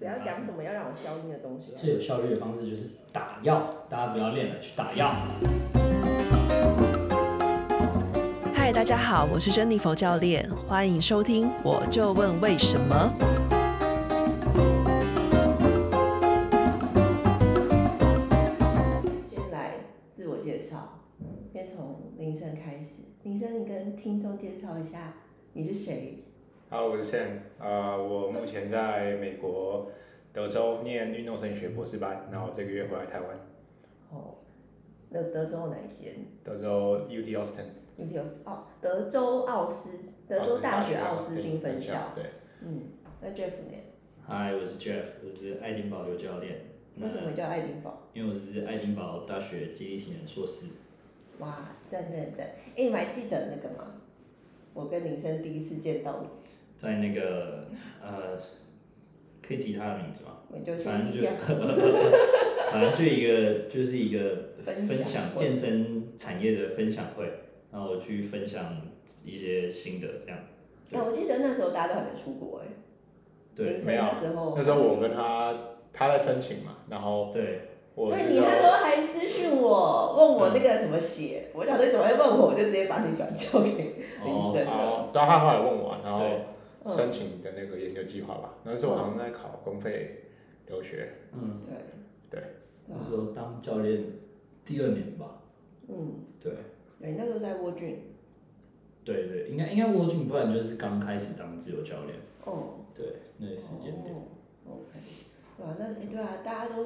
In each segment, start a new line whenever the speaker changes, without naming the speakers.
不要講什麼要讓我消音的東西啊。
最有效率的方式就是打藥，大家不要練了，去打
藥。嗨，大家好，我是珍妮佛教練，歡迎收聽《我就問為什麼》。先來自我介紹，先從林生開始。林生，你跟聽眾介紹一下你是誰？
啊，Hello, 我是 Sam，啊、uh,， 我目前在美國德州念運動生理學博士班，然後這個月回來台灣。
哦，德德州哪一間？
德州 UT Austin。
UT 哦、oh,，德州奧斯，德州大學奧斯汀分校。分校對，對對嗯，
那 Jeff 呢？Hi, 我是
Jeff，我是愛丁堡劉教練。為什
麼叫愛丁堡？
因為我是愛丁堡大學肌力體
能碩士。哇，真真真！哎、欸，你們還記得那個嗎？我跟林森第一次見到你。
在那個呃，可以提他的名字嗎？一，反正就 反正就一個就是一個分享，分享健身產業的分享會，然後去分享一些
心得這樣。
哎、啊，我
記得那時候大家都還沒出國哎、
欸，林生對對那時候。那時候我跟他，他在申請嘛，然後對，
我你那時候還私信我問我那個怎麼寫，對我想說怎麼會問我，我就直接把你轉交給林生
然後、哦、他後來問我，然後。申請的那個研究計劃吧，那時候好像在考公費留學。嗯，對。對。那時候當教練第
二
年吧。嗯，對。
哎、欸，那時候在沃郡。
對，對對，應該應該沃郡，不然就是剛開始當自由教練。哦。對，那個時間點。
哦、okay. 哇、那、欸、對啊，大家都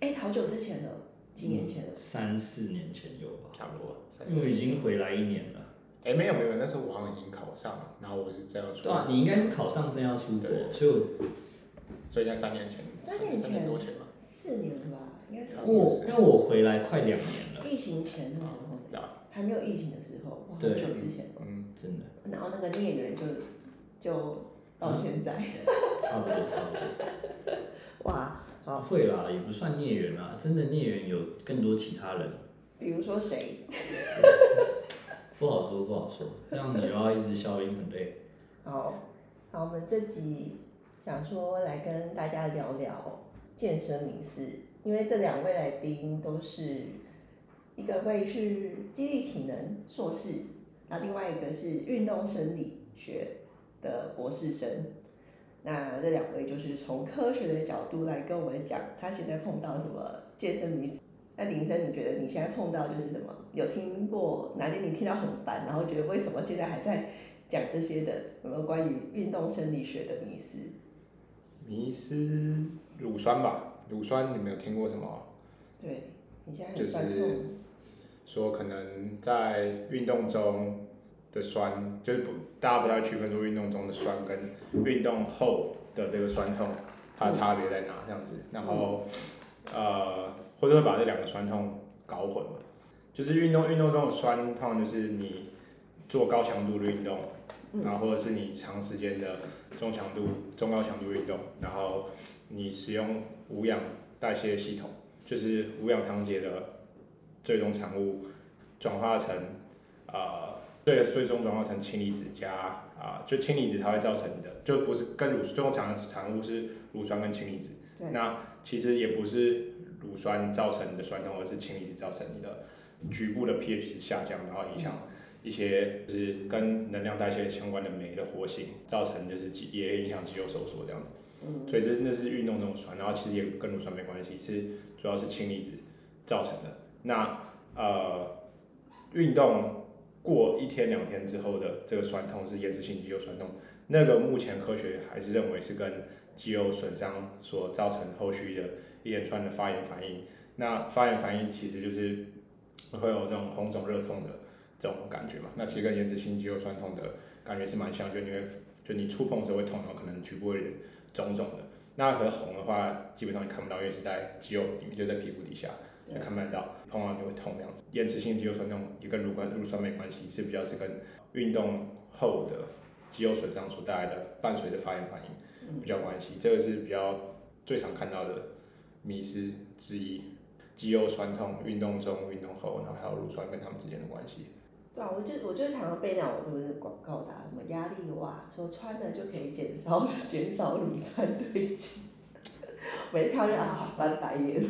哎、欸，好久之前了，幾年前
了。嗯、
三四年前有吧，差不多。3，因為我已經回來一年了。哎，沒有沒有，那時候我好像已經考上了，然後我是正要出對啊，你應該是考上正要出的人，所以那三年前，三年多
前嗎？四年是吧？應該是我，因為我回來快兩年了，疫情前的時候。對，還沒有疫情的時候，很久之前，嗯，真的。然後那個孽緣就就到現在，差不多差不多，哇好會啦，
也不算孽緣啦，真的孽緣有更多其他人，
比如說誰？
不好說，不好說。這
樣你要一直消音很累。 好，好，我們這集想說來跟大家聊聊健身迷思，因為這兩位來賓都是，一個會是肌力體能碩士，那另外一個是運動生理學的博士生。那這兩位就是從科學的角度來跟我們講，他現在碰到什麼健身迷思。那林生，你覺得你現在碰到就是什麼？有聽過哪些你聽到很煩，然後覺得為什麼現在還在講這些的？有沒有關於運動生理學的迷思？
迷思乳酸吧，乳酸你沒有聽過什麼？
對，你現在很煩。就是
說，可能在運動中的酸，就是不大家不要區分出運動中的酸跟運動後的這個酸痛，它差別在哪？嗯、這樣子，然後、嗯、呃。或者會把這兩個痠痛搞混了，就是運動運動這種痠痛，就是你做高強度的運動，然後或者是你長時間的中強度、中高強度運動，然後你使用無氧代謝系統，就是無氧糖解的最終產物轉化成呃最最終轉化成氫離子加啊、呃，就氫離子它會造成的，就不是跟乳常的產物是乳酸跟氫離子，對那其實也不是。乳酸造成的痠痛，或者是氫離子造成你的局部的 pH 值下降，然後影響一些就是跟能量代謝相關的酶的活性，造成就是肌也影響肌肉收縮這樣子。嗯，所以這是，那是運動那種痠，然後其實也跟乳酸沒關係，是主要是氫離子造成的。那呃，運動過一天兩天之後的這個酸痛是延遲性肌肉痠痛，那個目前科學還是認為是跟肌肉損傷所造成後續的。一連串的發炎反應，那發炎反應其實就是會有這種紅腫熱痛的這種感覺嘛。那其實跟延遲性肌肉痠痛的感覺是蠻像，就因為就你觸碰的時候會痛，然後可能局部會腫腫的。那和紅的話基本上你看不到，因為是在肌肉裡面，就在皮膚底下，對你看不到，碰到就會痛那樣子。延遲性肌肉痠痛也跟乳酸、乳酸沒關係，是比較是跟運動後的肌肉損傷所帶來的伴隨的發炎反應比較關係。嗯、這個是比較最常看到的。迷思之一，肌肉酸痛、運動中、運動後，然後還有乳酸跟它們之間的關係。
對啊，我就我就常常被那種什麼廣告啊，什麼壓力襪，說穿了就可以減少減 少乳酸堆積，
每 一套就啊，翻白眼。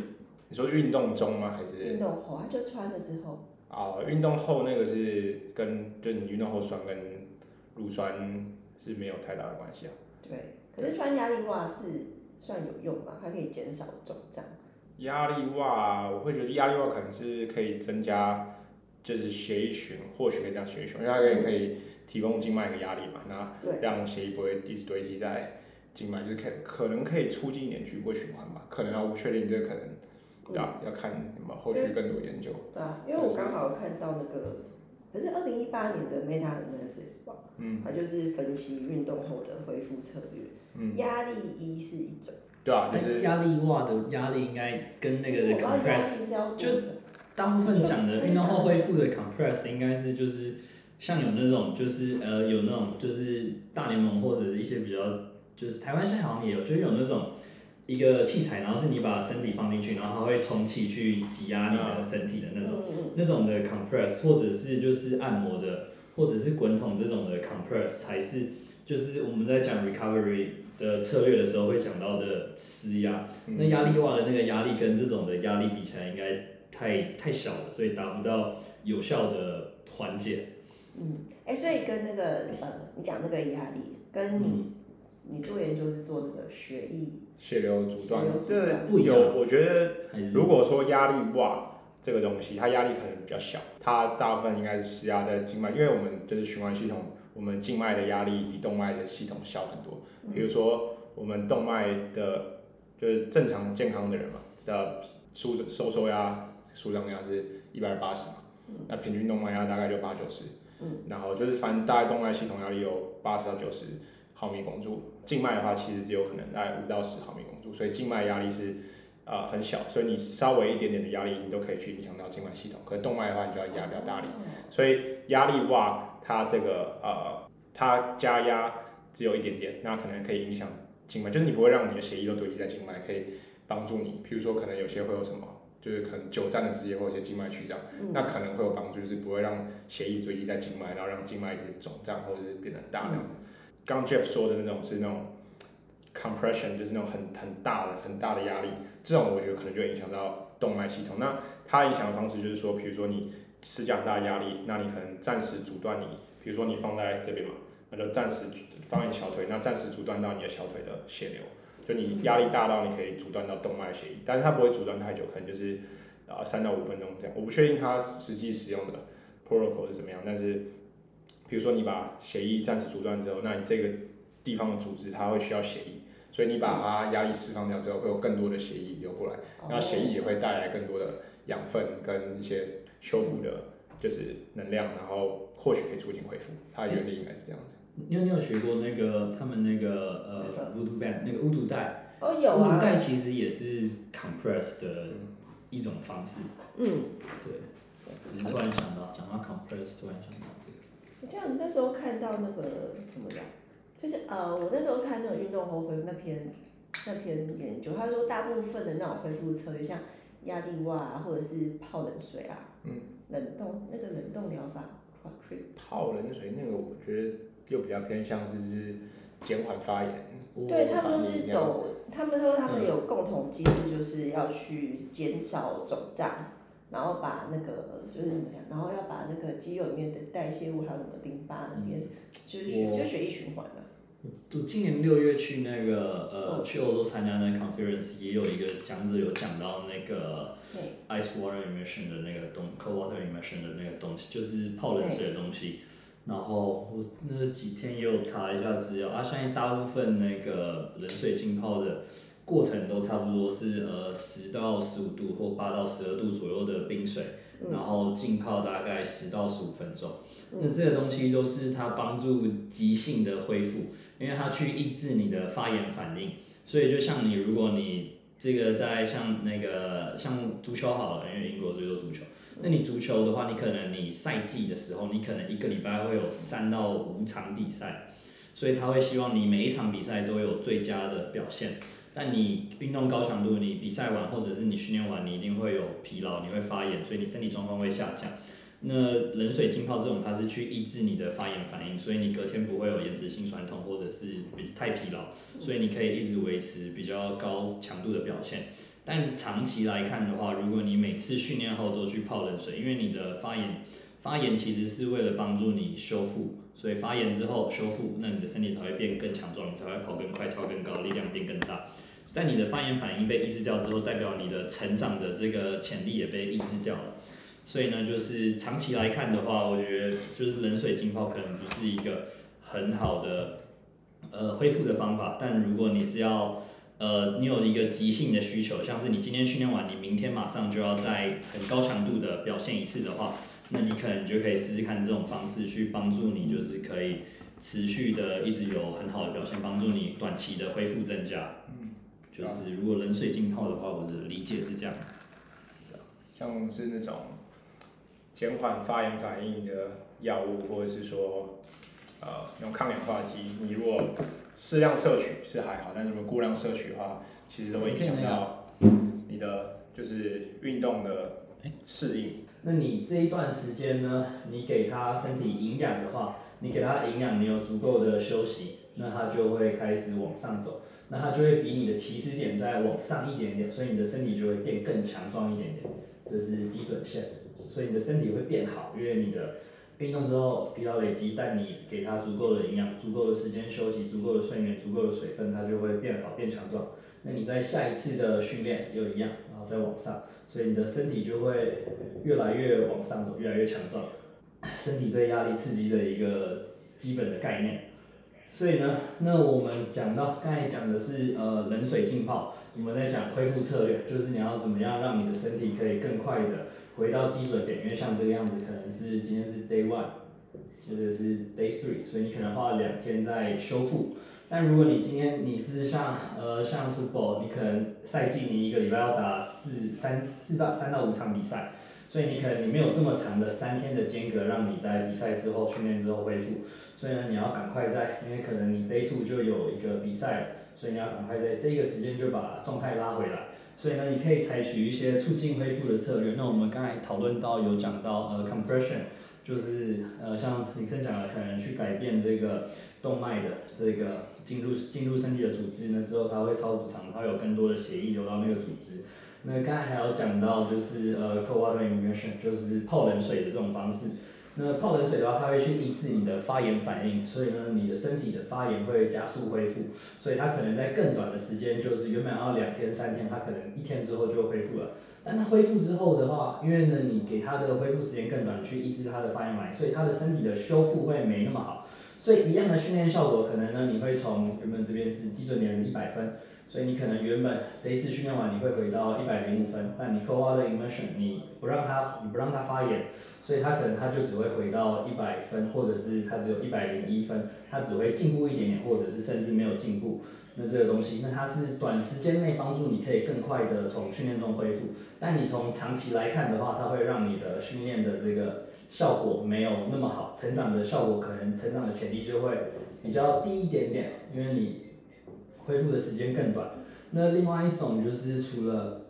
你說運動中嗎？還
是運動後？就穿了之後。
哦、呃，運動後那個是跟就你運動後酸跟乳酸是沒有太大的關係啊。
對，可是穿壓力襪是。算有用吧，它可以減少腫脹。
壓力襪，我會覺得壓力襪可能是可以增加，就是血液循環，或許可以叫血液循環，因為它可以可以提供靜脈一個壓力嘛，嗯、那讓血液不會一直堆積在靜脈，對就是可可能可以促進一點局部循環吧，可能、啊、我不確定，這個可能，對啊、嗯，要看什麼後續更多研究。嗯、
是對啊，因為我剛好看到那個，可是二零一八年的 Meta Analysis 吧嗯，它就是分析運動後的恢復策略。嗯、壓力衣是一
種，對啊，就是、但壓力襪的壓力應該跟那個的 compress，就
大部分講的運動後恢復
的 compress 應該是就是像有那種就是，嗯、呃有那種就是大聯盟或者一些比較就是台灣現在好像也有，就是有那種一個器材，然後是你把身體放進去，然後它會充氣去擠壓你的身體的那種，嗯嗯那種的 compress 或者是就是按摩的或者是滾筒這種的 compress 才是。就是我們在講 recovery 的策略的時候，會講到的施壓，嗯、那壓力襪的那個壓力跟這種的壓力比起來應該，應該太太小了，所以達不到有效的緩解。嗯，哎、
欸，所以跟那個呃，
你講那個壓力，跟你、嗯、你做研究是做那個血液，血流阻斷，阻斷對，不有。我覺得如果說壓力襪這個東西，它壓力可能比較小，它大部分應該是施壓在靜脈，因為我們就是循環系統。我們靜脈的壓力比動脈的系統小很多，比如說我們動脈的，就是正常健康的人嘛，呃，的收縮壓、舒張壓是一百八十嘛，那平均動脈壓大概就八九十，然後就是反正大概動脈系統壓力有八十到九十毫米汞柱，靜脈的話其實只有可能在五到十毫米汞柱，所以靜脈壓力是啊、呃、很小，所以你稍微一點點的壓力你都可以去影響到靜脈系統，可是動脈的話你就要壓比較大力，Okay. 所以壓力的話。Okay. 它這個呃，它加壓只有一點點，那可能可以影響靜脈，就是你不會讓你的血液都堆積在靜脈，可以幫助你，比如說可能有些會有什麼，就是可能久站的職業或者靜脈曲張，嗯、那可能會有幫助，就是不會讓血液堆積在靜脈，然後讓靜脈一直腫脹或者是變得很大這樣子。剛、嗯、Jeff 說的那種是那種 compression，就是那種很很大的很大的壓力，這種我覺得可能就影響到動脈系統。那它影響的方式就是說，比如說你。施加大的壓力，那你可能暫時阻斷你，比如說你放在這邊嘛，那就暫時放在小腿，那暫時阻斷到你的小腿的血流，就你壓力大到你可以阻斷到動脈血液，但是它不會阻斷太久，可能就是啊三到五分鐘這樣。我不確定它實際使用的 protocol 是怎麼樣，但是比如說你把血液暫時阻斷之後，那你這個地方的組織它會需要血液，所以你把它壓力釋放掉之後，會有更多的血液流過來，那血液也會帶來更多的養分跟一些。修復的就是能量，然後或許可以促進恢復。它原理應該是這樣子。
你有、嗯、你有學過那個他們那個呃，Voodoo 帶那個 Voodoo 帶哦，有啊，Voodoo 帶其實也是 compress 的一種方式。嗯，對。你突然想到，講到 compress，突然
想到這個。我記得那時候看到那個怎麼講，就是呃，我那時候看那種運動後恢復那篇那篇研究，他說大部分的那種恢復策略，像壓力襪啊，或者是泡冷水啊。嗯，冷凍那個冷凍療法，泡冷水、嗯、那個，我覺得又比較偏
向是減緩發炎。
對、嗯、炎他們都是走，他們說他們有共同機制，就是要去減少腫脹，嗯、然後把那個就是怎麼樣，然後要把那個肌肉裡面的代謝物還有什麼淋巴裡面，就是血，就血液循環的、啊。
就今年六月去那個呃去歐洲參加那個 conference，也有一個講者有講到那個 ice water immersion 的那個東、嗯、cold water immersion 的那個東西，就是泡冷水的東西。嗯、然後我那幾天也有查一下資料啊，相信大部分那個冷水浸泡的過程都差不多是呃十到十五度或八到十二度左右的冰水，然後浸泡大概十到十五分鐘。嗯、那這些東西都是它幫助急性的恢復。因為它去抑制你的發炎反應，所以就像你，如果你這個在像那個像足球好了，因為英國最多足球，那你足球的話，你可能你賽季的時候，你可能一個禮拜會有三到五場比賽，所以他會希望你每一場比賽都有最佳的表現。但你運動高強度，你比賽完或者是你訓練完，你一定會有疲勞，你會發炎，所以你身體狀況會下降。那冷水浸泡這種，它是去抑制你的發炎反應，所以你隔天不會有延遲性酸痛，或者是太疲勞，所以你可以一直維持比較高強度的表現。但長期來看的話，如果你每次訓練後都去泡冷水，因為你的發炎發炎其實是為了幫助你修復，所以發炎之後修復，那你的身體才會變更強壯，你才會跑更快、跳更高、力量變更大。但你的發炎反應被抑制掉之後，代表你的成長的這個潛力也被抑制掉了。所以呢，就是長期來看的話，我覺得就是冷水浸泡可能不是一個很好的呃恢復的方法。但如果你是要呃你有一個急性的需求，像是你今天訓練完，你明天馬上就要再很高強度的表現一次的話，那你可能就可以試試看這種方式去幫助你，就是可以持續的一直有很好的表現，幫助你短期的恢復增加。嗯，就是
如果冷水浸泡的話，我的理解是這樣子，像是那種。減緩發炎反應的藥物，或者是說，呃，用抗氧化劑，你如果適量攝取是還好，但如果過量攝取的話，其實都會影響到你的就是運動的適應。那
你這一段時間呢，你給他身體營養的話，你給他營養，沒有足夠的休息，那他就會開始往上走，那他就會比你的起始點再往上一點點，所以你的身體就會變更強壯一點點，這是基準線。所以你的身體會變好，因為你的運動之後疲勞累積，但你給它足夠的營養、足夠的時間休息、足夠的睡眠、足夠的水分，它就會變好，變強壯。那你在下一次的訓練又一樣，然後再往上，所以你的身體就會越來越往上走，越來越強壯。身體對壓力刺激的一個基本的概念。所以呢，那我們講到剛才講的是呃冷水浸泡，你們在講恢復策略，就是你要怎麼樣讓你的身體可以更快的。回到基準點，因為像這個樣子，可能是今天是 day one，接着是 day three，所以你可能花了兩天在修復。但如果你今天你是像呃像 football，你可能賽季你一個禮拜要打四三四到三到五場比賽，所以你可能你沒有這麼長的三天的間隔讓你在比賽之後訓練之後恢復，所以呢你要趕快在，因為可能你 day two 就有一個比賽了，所以你要趕快在這個時間就把狀態拉回來。所以呢，你可以採取一些促進恢復的策略。那我們剛才討論到有講到呃，compression，就是呃，像林生講的，可能去改變這個動脈的這個進入進入身體的組織呢，那之後它會超補償，它會有更多的血液流到那個組織。那剛才還有講到就是呃 cold water immersion，就是泡冷水的這種方式。那泡冷水的話，它會去抑制你的發炎反應，所以呢，你的身體的發炎會加速恢復，所以它可能在更短的時間，就是原本要兩天三天，它可能一天之後就恢復了。但它恢復之後的話，因為呢，你給它的恢復時間更短，去抑制它的發炎反應，所以它的身體的修復會沒那麼好。所以一樣的訓練效果，可能呢，你會從原本這邊是基準點一百分。所以你可能原本這一次訓練完你會回到一百零五分，但你 cold water immersion，你不讓他，你不讓他發炎，所以他可能他就只會回到一百分，或者是他只有一百零一分，他只會進步一點點，或者是甚至沒有進步。那這個東西，那它是短時間內幫助你可以更快的從訓練中恢復，但你從長期來看的話，它會讓你的訓練的這個效果沒有那麼好，成長的效果可能成長的潛力就會比較低一點點，因為你，恢復的時間更短。那另外一種就是除了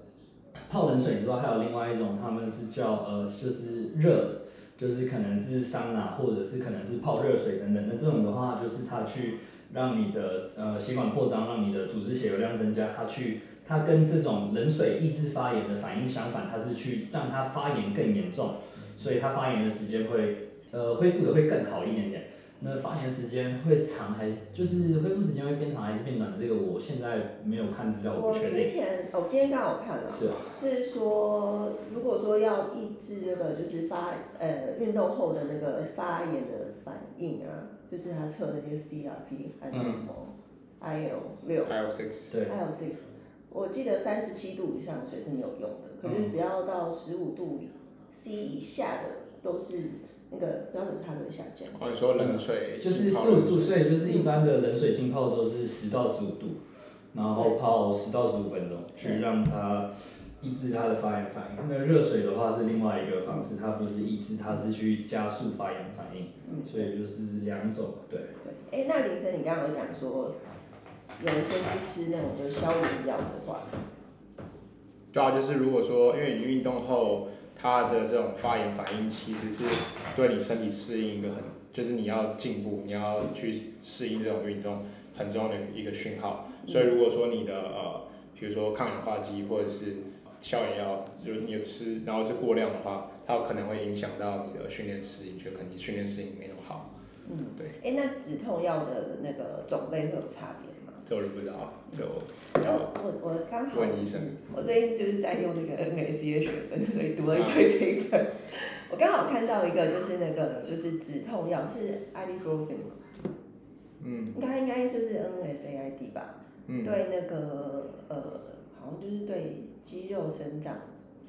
泡冷水之外，還有另外一種，他們是叫呃，就是熱，就是可能是桑拿，或者是可能是泡熱水等等。那這種的話，就是它去讓你的呃血管擴張，讓你的組織血流量增加。它去，它跟這種冷水抑制發炎的反應相反，它是去讓它發炎更嚴重，所以它發炎的時間會呃恢復的會更好一點點。那發炎時間會長還是就是恢復時間會變長還是變短？這個我現在沒有看資料，我不確定。我之
前，我今天剛好看了，是、啊、是說如果說要抑制那個就是發呃運動後的那個發炎的反應啊，就是他測的這些 C R P、嗯、還有 I L 六。I L six 對。I L six，我記得三十七度以上水是沒有用的，可是只要到十五度 C 以下的都是。那個標準差都會下降。有有哦，你
說冷水，冷水，嗯，就是四五度，
所以就是一般的冷水浸泡都是十到十五度，然後泡十到十五分鐘，對去讓它抑制它的發炎反應。嗯、那熱水的話是另外一個方式，它，嗯、不是抑制，它是去加速發炎反應，嗯、所以就是兩種。對。對，
哎、欸，那林森，你剛剛有講說，有一些人是吃
那種就消炎藥的話，對啊，就是如果說因為你運動後。它的這種發炎反應其實是對你身體適應一個很，就是你要進步，你要去適應這種運動很重要的一個訊號。所以如果說你的呃，比如說抗氧化劑或者是消炎藥，就你有吃然後是過量的話，它有可能會影響到你的訓練適應，就可能你訓練適應沒那麼好。
嗯，對。哎，那止痛藥的那個種類會有差別？就是不知道，就然後問醫生。我剛好我最近就是在用這個 n A C a 水 d 所以讀了一堆黑分，我剛好看到一個，就是那個就是止痛藥，是 ibuprofen 嗯，應該應該就是 NSAID 吧？嗯，對，那個呃，好像就是對肌肉生長，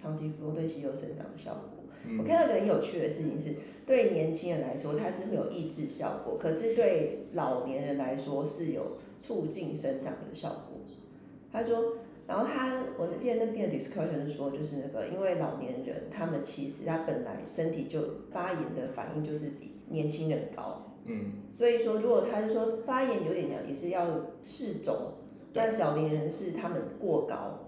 長期服用對肌肉生長的效果。嗯，我看到一個很有趣的事情是，對年輕人來說它是沒有抑制效果，可是對老年人來說是有。促進生長的效果。他說，然後他，我記得那邊的 discussion 說，就是那個，因為老年人他們其實他本來身體就發炎的反應就是比年輕人高，嗯，所以說如果他是說發炎有點癢，也是要適中，對但老年人是他們過高，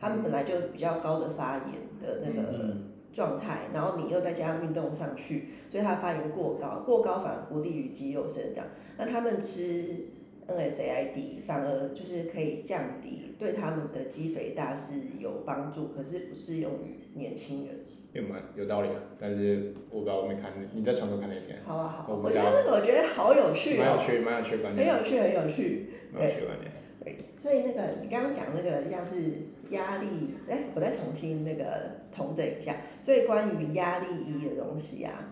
他們本來就比較高的發炎的那個狀態，嗯、然後你又再加上運動上去，所以他發炎過高，過高反而不利於肌肉生長。那他們吃。NSAID 反而就是可以降低對他們的肌肥大是有幫助，可是不適用於年輕人。有嘛？有道理啊！
但是我不知道。我沒看，你在床頭看哪一篇？好好、啊、好，我，我覺得那個我覺得好有趣、哦。蠻有趣，蠻有趣的觀念。很有趣，很有趣。有趣對，對，
對。所以那個你剛剛講那個，像是壓力誒，我再重新那個統整一下。所以關於壓力醫的東西啊。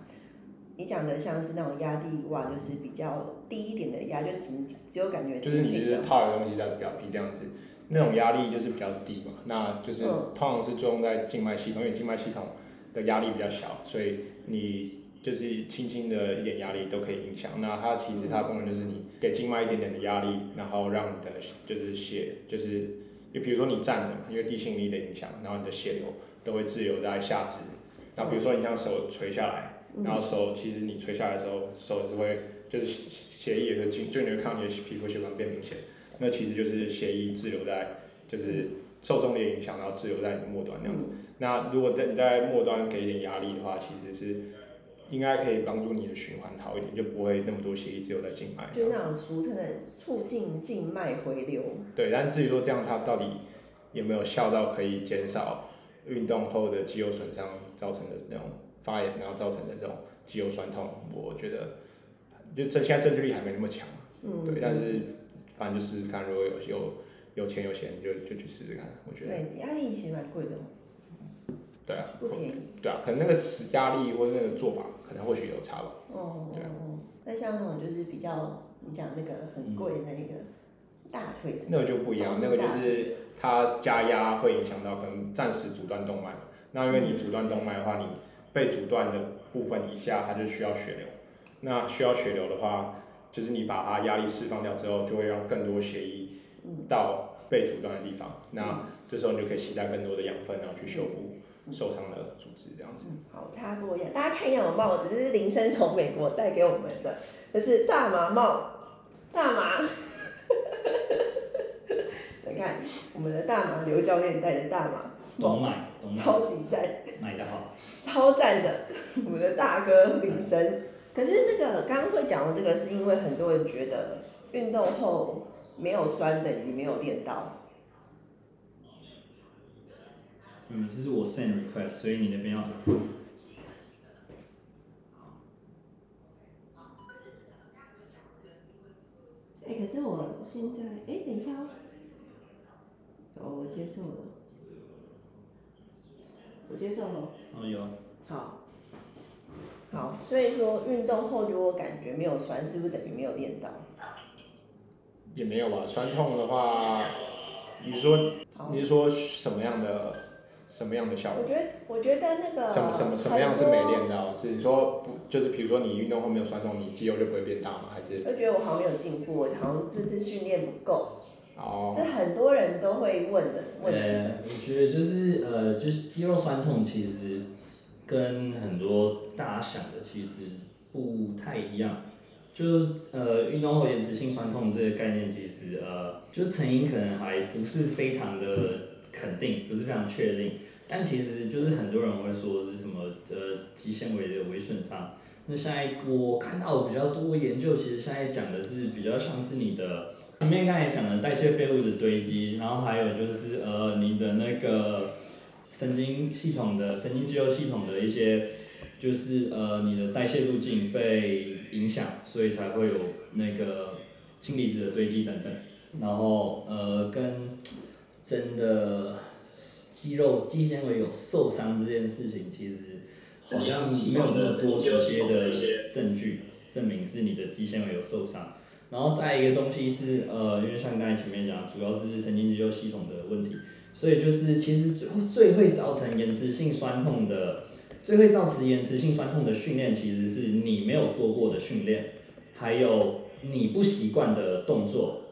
你講的像是那種壓力襪，就是比較低
一點的壓，就只只有感覺。就是你其實套的東西在表皮這樣子，那種壓力就是比較低嘛，那就是通常是作用在靜脈系統，因為靜脈系統的壓力比較小，所以你就是輕輕的一點壓力都可以影響。那它其實它的功能就是你給靜脈一點點的壓力，然後讓你的就是血就是，就比如說你站着嘛，因為地心力的影響，然後你的血流都會自由在下肢。那比如說你像手垂下來。嗯、然後手其實你垂下來的時候，手就是會就是血液瘀和靜，就你會看到你的皮膚血管變明顯。那其實就是血液滯留在，就是受重力影響，然後滯留在你的末端那樣子。嗯、那如果在你在末端給一點壓力的話，其實是應該可以幫助你的循環好一點，就不會那麼多血液滯留在靜脈。就
那種俗稱的促進靜脈回流。嗯、
對，但至於說這樣它到底有沒有效到可以減少運動後的肌肉損傷造成的那種？發炎然後造成的這種肌肉痠痛，我覺得就證現在證據力還沒那麼強。嗯、對，但是反正就試試看，如果有有有錢有錢就就去試試看，我覺得對壓力其
實蠻貴的、哦。對啊，
不便宜，對啊，可能那個是壓力或者那個做法，可能或許有差吧，嗯
哦那、啊、像那種就是比較你講那個很貴的那個大腿，那個就不一樣，哦、那個就是
它加壓會影響到可能暫時阻斷動脈，那因為你阻斷動脈的話你，你、嗯被阻斷的部分以下，它就需要血流。那需要血流的話，就是你把它壓力釋放掉之後，就會讓更多血液到被阻斷的地方。那這時候你就可以攜帶更多的養分，然後去修復受傷的組織，這樣子。好，差不
多。大家看一下我帽子，這是林生從美國帶給我們的，這、就是大麻帽。大麻。你 看，我們的大麻劉教練戴著大麻。懂買，懂買，超級讚，買的好，超讚的，我們的大哥女神。嗯、可是那個剛剛會講的這個，是因為很多人覺得運動後沒有酸的，也沒有練到。
嗯，這是我 send request，所以你那邊要。哎、
欸，可是我現在，哎、欸，等一下哦、喔喔，我接受了。我接受哦。哦，有啊。好。好，所以說運動後如果感覺沒有酸，是不是等於沒有練到？
也沒有吧，酸痛的話，你是說，好你是說什麼樣的，什麼樣的效果？我覺
得，我覺得那個什麼什麼什麼樣是沒練
到，多是你說就是比如說你運動後沒有酸痛，你肌肉就不會變大嗎？還是？我覺得我好像沒
有進步，我好像這次訓練不夠。好這很多人都會問
的對問題。我覺得就是呃，就是肌肉酸痛，其實跟很多大家想的其實不太一樣。就是呃，運動後延遲性酸痛這個概念，其實呃，就是成因可能還不是非常的肯定，不是非常確定。但其實就是很多人會說是什麼呃肌纖維的微損傷。那現在我看到比較多研究，其實現在講的是比較像是你的。前面剛才講的代謝廢物的堆積，然後還有就是呃，你的那個神經系統的神經肌肉系統的一些，就是呃，你的代謝路徑被影響，所以才會有那個氫離子的堆積等等。然後呃，跟真的肌肉肌纖維有受傷這件事情，其實好像沒有那麼多直接的些證據證明是你的肌纖維有受傷。然後再一個東西是呃，因為像剛才前面講，主要是神經肌肉系統的問題，所以就是其實最最會造成延遲性酸痛的，最會造成延遲性酸痛的訓練，其實是你沒有做過的訓練，還有你不習慣的動作，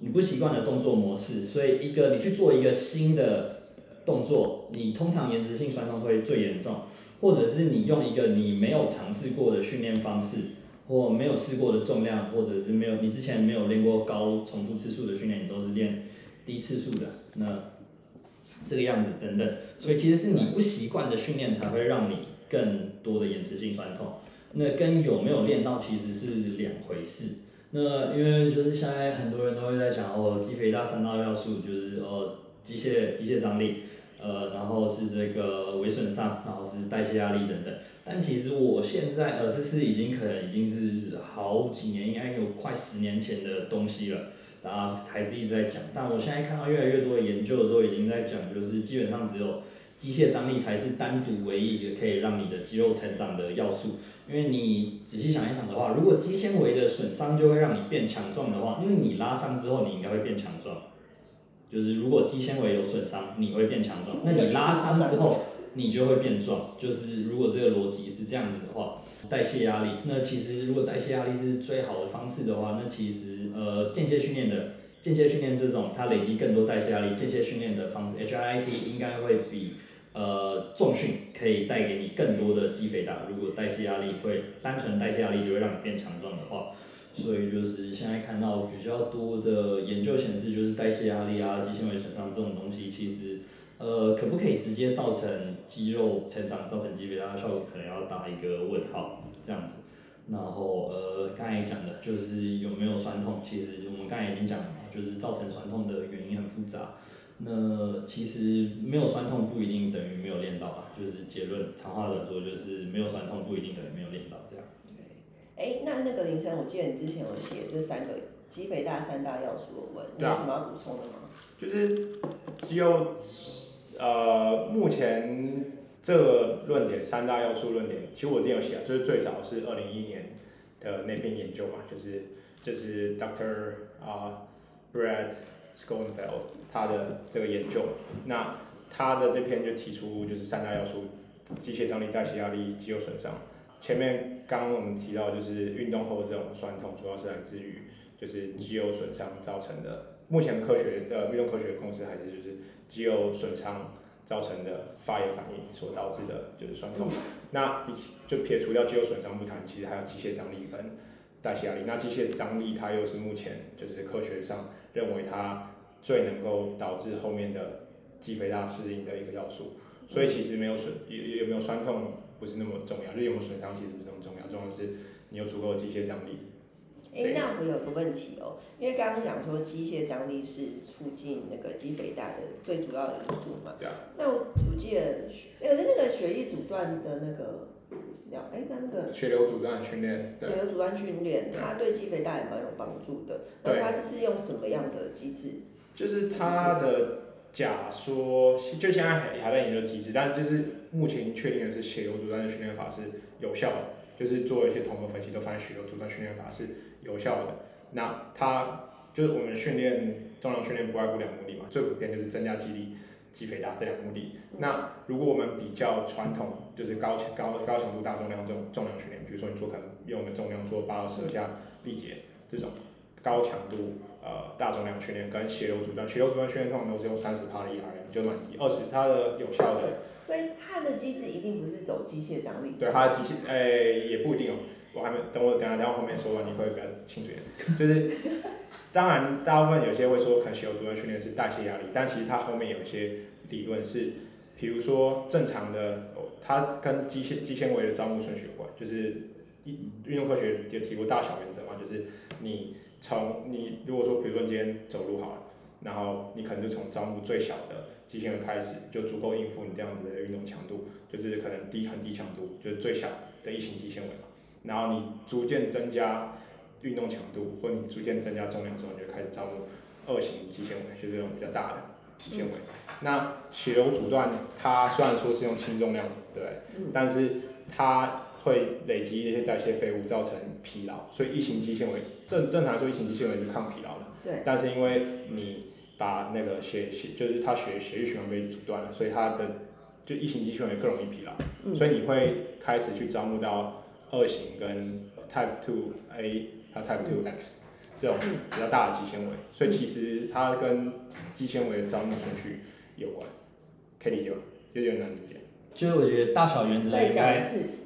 你不習慣的動作模式，所以一個你去做一個新的動作，你通常延遲性酸痛會最嚴重，或者是你用一個你沒有嘗試過的訓練方式。或沒有試過的重量，或者是沒有你之前沒有練過高重複次數的訓練，你都是練低次數的，那這個樣子等等，所以其實是你不習慣的訓練才會讓你更多的延遲性酸痛，那跟有沒有練到其實是兩回事。那因為就是現在很多人都會在想哦，肌肥大三大要素就是哦機械機械張力。呃，然後是這個微損傷，然後是代謝壓力等等。但其實我現在，呃，這次已經可能已經是好幾年，應該有快十年前的東西了，大家還是一直在講。但我現在看到越來越多的研究的時候，已經在講，就是基本上只有機械張力才是單獨唯一一個可以讓你的肌肉成長的要素。因為你仔細想一想的話，如果肌纖維的損傷就會讓你變強壯的話，那你拉傷之後，你應該會變強壯。就是如果肌纖維有損傷，你會變強壯。那你拉傷之後，你就會變壯。就是如果這個邏輯是這樣子的話，代謝壓力。那其實如果代謝壓力是最好的方式的話，那其實呃，間歇訓練的，間歇訓練這種它累積更多代謝壓力，間歇訓練的方式，HIIT 應該會比呃重訓可以帶給你更多的肌肥大。如果代謝壓力會單純代謝壓力就會讓你變強壯的話。所以就是現在看到比較多的研究顯示，就是代謝壓力啊、肌纖維損傷這種東西，其實，呃，可不可以直接造成肌肉成長、造成肌肥大的效果，可能要打一個問號，這樣子。然後，呃，剛才也講了，就是有沒有酸痛，其實我們剛才已經講了嘛，就是造成酸痛的原因很複雜。那其實沒有酸痛不一定等於沒有練到啊。就是結論，長話短說，就是沒有酸痛不一定等於沒有練到。
哎、欸，那那個林森，我記得你之前有寫這三個肌肥大三大要素的文，你有什麼要補充的
嗎？就是肌肉呃，目前這個論點三大要素論點，其實我已經有寫，就是最早是二零一一年的那篇研究嘛，就是就是 Doctor 啊、uh, Brad Schoenfeld 他的這個研究，那他的這篇就提出就是三大要素：機械張力、代謝壓力、肌肉損傷。前面剛剛我們提到，就是運動後的這種痠痛，主要是來自於就是肌肉損傷造成的。目前科學呃運動科學的共識還是就是肌肉損傷造成的發炎反應所導致的，就是痠痛。 那比起，就撇除掉肌肉損傷不談，其實還有機械張力跟代謝壓力。那機械張力它又是目前就是科學上認為它最能夠導致後面的肌肥大適應的一個要素。所以其實沒有損也也有沒有痠痛？不是那麼重要，就是
有沒有損傷其實不是那麼重要，重要的是你有足夠的機械張力。哎、欸，樣那我有個問題哦，因為剛剛講說機械張力是促進那個肌肥大的最主要的因素嘛？對啊。那我我記得，哎、欸，可、那、是、個那個欸、那個血流阻斷的那個，叫哎那個血流阻斷訓練，血流阻斷訓練，它對肌肥大也蠻有幫助的。對那它是用什麼樣的機制？就是它的。假說
就現在還還在研究機制，但就是目前確定的是血流阻斷訓練法是有效的，就是做一些統合分析，都發現血流阻斷訓練法是有效的。那它就是我們訓練重量訓練不外乎兩目的嘛，最普遍就是增加肌力、肌肥大這兩目的。那如果我們比較傳統，就是高強高高強度大重量這種重量訓練，比如說你做可能用我們重量做八到十二下力竭這種高強度。呃，大重量訓練跟血流阻斷，血流阻斷訓練通常都是用三十帕的壓力，就蠻低二十，它的有效的。
所以它的機制一定不是
走機械張力。對，它的機械，誒、欸、也不一定。哦。我還沒等我等我等我後面說完，你會比較清楚一點。就是，當然，大部分有些會說，可能血流阻斷訓練是代謝壓力，但其實它後面有一些理論是，比如說正常的，哦、它跟肌纖肌纖維的招募順序有關，就是一運動科學就提過大小原則嘛，就是你。從你如果說比如說你今天走路好了，然後你可能就從招募最小的肌纖維開始，就足夠應付你這樣子的運動強度，就是可能低很低強度，就是最小的一型肌纖維嘛。然後你逐漸增加運動強度，或你逐漸增加重量的時候，你就開始招募二型肌纖維，就是那種比較大的肌纖維。嗯、那血流阻斷它雖然說是用輕重量對，但是它。會累積這些代謝廢物，造成疲勞，所以一型肌纖維正正常來說一型肌纖維是抗疲勞的，對，但是因為你把那個血血就是它血血液循環被阻斷了，所以它的就一型肌纖維更容易疲勞，嗯、所以你會開始去招募到二型跟 Type Two A、嗯、和 Type Two X、嗯、這種比較大的肌纖維，所以其實它跟肌纖維的招募順序有關，可以理解嗎？有點難理解，就
是我覺得大小原則應該、嗯。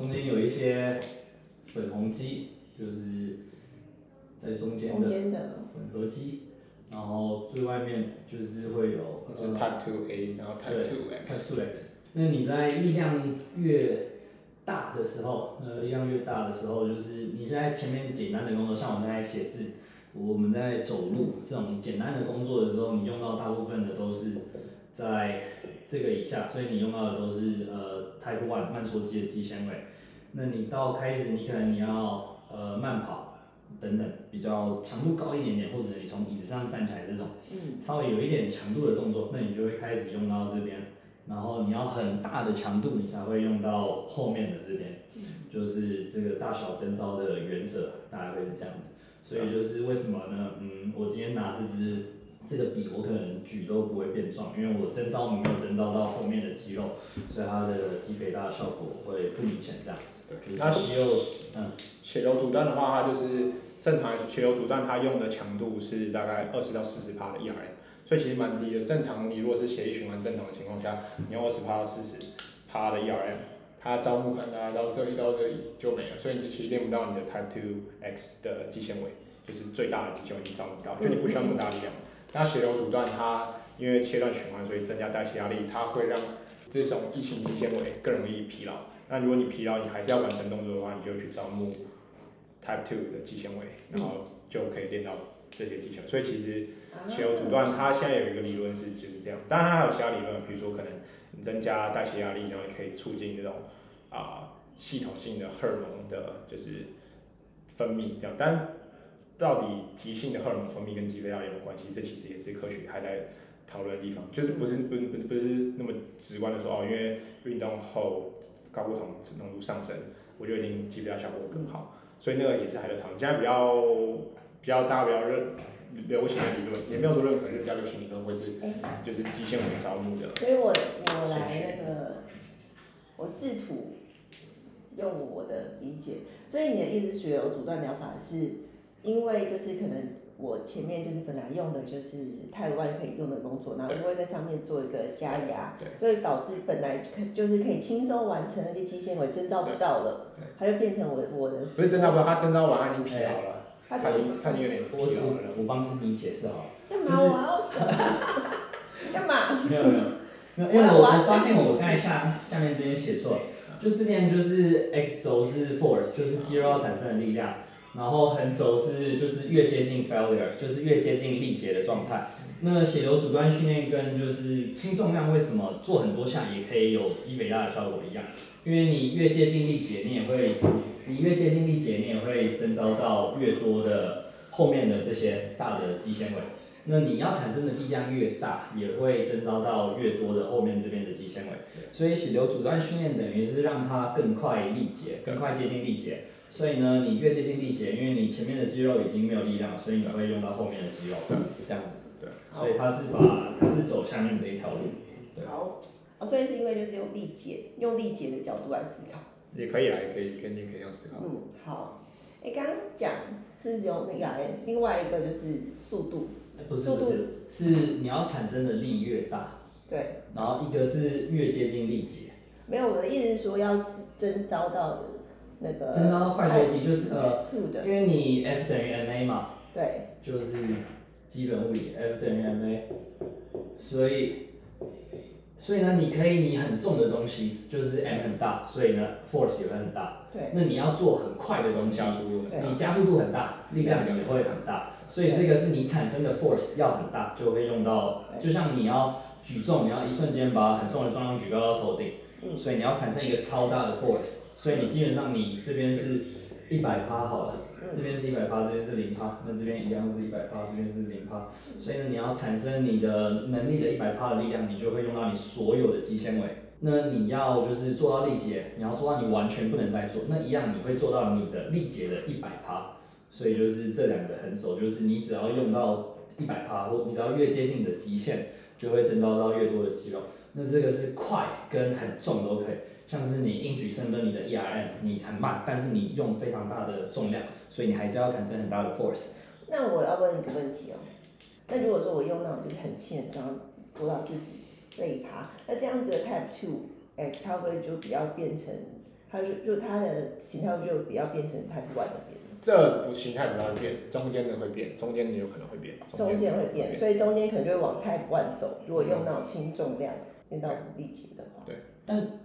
中間有一些粉紅肌，就是在中間的混合肌，然後最外面就是會有。呃，Type Two A，然後 Type Two X。Type Two X。那你在力量越大的時候，呃，力量越大的時候，就是你現在前面簡單的工作，像我們在寫字，我們在走路這種簡單的工作的時候，你用到大部分的都是在。這個以下，所以你用到的都是呃，Type 1慢縮肌的肌纖維。那你到開始，你可能你要呃慢跑等等，比較強度高一點點，或者你從椅子上站起來這種，嗯、稍微有一點強度的動作，那你就會開始用到這邊。然後你要很大的強度，你才會用到後面的這邊，嗯、就是這個大小徵召的原則大概會是這樣子。所以就是為什麼呢？嗯，我今天拿這支。這個比我可能舉都不會變壯，因為我徵召沒有徵召到後面的肌肉，所以它的肌肥大的效果會不明顯。對這樣，
對，它血流，嗯，血流阻斷的話，它就是正常血流阻斷，它用的強度是大概二十到四十趴的 1RM，所以其實蠻低的。正常你如果是血液循環正常的情況下，你用二十趴到四十趴的 1RM，它招募困難、啊，然後這裡到這裡就沒了，所以你其實練不到你的 Type Two X 的肌纖維，就是最大的肌纖維已經招募到，嗯、就你不需要那麼大力量。嗯那血流阻斷，它因為切斷循環，所以增加代謝壓力，它會讓這種異型肌纖維更容易疲勞。那如果你疲勞，你還是要完成動作的話，你就去招募 Type Two 的肌纖維，然後就可以練到這些肌群。所以其實血流阻斷，它現在有一個理論是就是這樣，當然還有其他理論，比如說可能增加代謝壓力，然後也可以促進這種啊、呃、系統性的荷爾蒙的，就是分泌掉。但到底急性的荷爾蒙分泌跟肌肥大有沒有關係？這其實也是科學還在討論的地方，就是不是不是不是，不是那麼直觀的說哦，因為運動後睾固酮濃度上升，我就一定肌肥大效果會更好，所以那個也是還在討論。現在比較比較大比較熱流行的理論，也沒有說任何熱調流行理論會是就是肌纖維招募的、欸。所以我我來那個，
我試圖用我的理解。所以你的意思，是血流阻斷療法是？因為就是可能我前面就是本來用的就是台灣可以用的工作，然後因為在上面做一個加壓，所以導致本來就是可以輕鬆完成那些肌纖維，徵召不到了，它就變成我我的。不是徵召不到，它徵召完已經疲勞了，
它已經有點過激了。我幫你解釋好了。幹
嘛？我哈哈哈哈哈哈！幹嘛？沒有沒有，因為我我發現我剛
才下下面這邊寫錯了，就這邊就是 X 軸是 Force，就是肌肉產生的力量。然後橫軸是就是越接近 failure，就是越接近力竭的狀態。那血流阻斷訓練跟就是輕重量為什麼做很多下也可以有肌肥大的效果一樣？因為你越接近力竭，你也會，你越接近力竭，你也會徵召到越多的後面的這些大的肌纖維。那你要產生的力量越大，也會徵召到越多的後面這邊的肌纖維。對所以血流阻斷訓練等於是讓它更快力竭，更快接近力竭。所以呢，你越接近力竭，因為你前面的肌肉已經沒有力量，所以你會用到後面的肌肉，就這樣子。對，所以它是把它是走下面這一條路。對
好，哦，所以是因為就是用力竭，用力竭的角度來思考。也可以啊，也可以，肯定可以用思考。嗯，好。哎、欸，
剛剛講是用那個另外一個就是速度，欸、不是不是，速
度是你要產生的力越大，對，然後一個是越接近力竭。
沒有，我的意思是說要徵召到的那個，真的快速機就是，嗯、呃，嗯、因為
你 F 等於 m a 嘛，對，就是基本物理 F 等於 m a，所以，所以呢，你可以你很重的東西，就是 m 很大，所以呢 force 也會很大，對，那你要做很快的東西要，對你加速度很大，力量也會很大，對所以這個是你產生的 force 要很大，就會用到，對就像你要舉重，你要一瞬間把很重的重量舉高到頭頂，嗯、所以你要產生一個超大的 force。所以你基本上你這邊是一百趴好了，這邊是一百趴，這邊是零趴，那這邊一樣是一百趴，這邊是零趴。所以呢，你要產生你的能力的一百趴的力量，你就會用到你所有的肌纖維。那你要就是做到力竭，你要做到你完全不能再做，那一樣你會做到你的力竭的一百趴。所以就是這兩個狠手，就是你只要用到一百趴，或你只要越接近你的極限，就會徵召到越多的肌肉。那這個是快跟很重都可以。像是你硬舉升你的 ERM，你很慢，但是你用非常大的重量，所以你還是要產生很大的 force。
那我要問你一個問題哦、喔，那如果說我用那種就是很輕很重，拖到自己一趴，那這樣子的 Type Two X 它會不會就比較變成，它就就它的形態就比較變成 Type One 的變？
這不形態比會變，中間的會變，中間的有可能會變。中間會變，所
以中間可能就會往 Type One 走。如果用那種輕重量練到很力竭的話，對，但。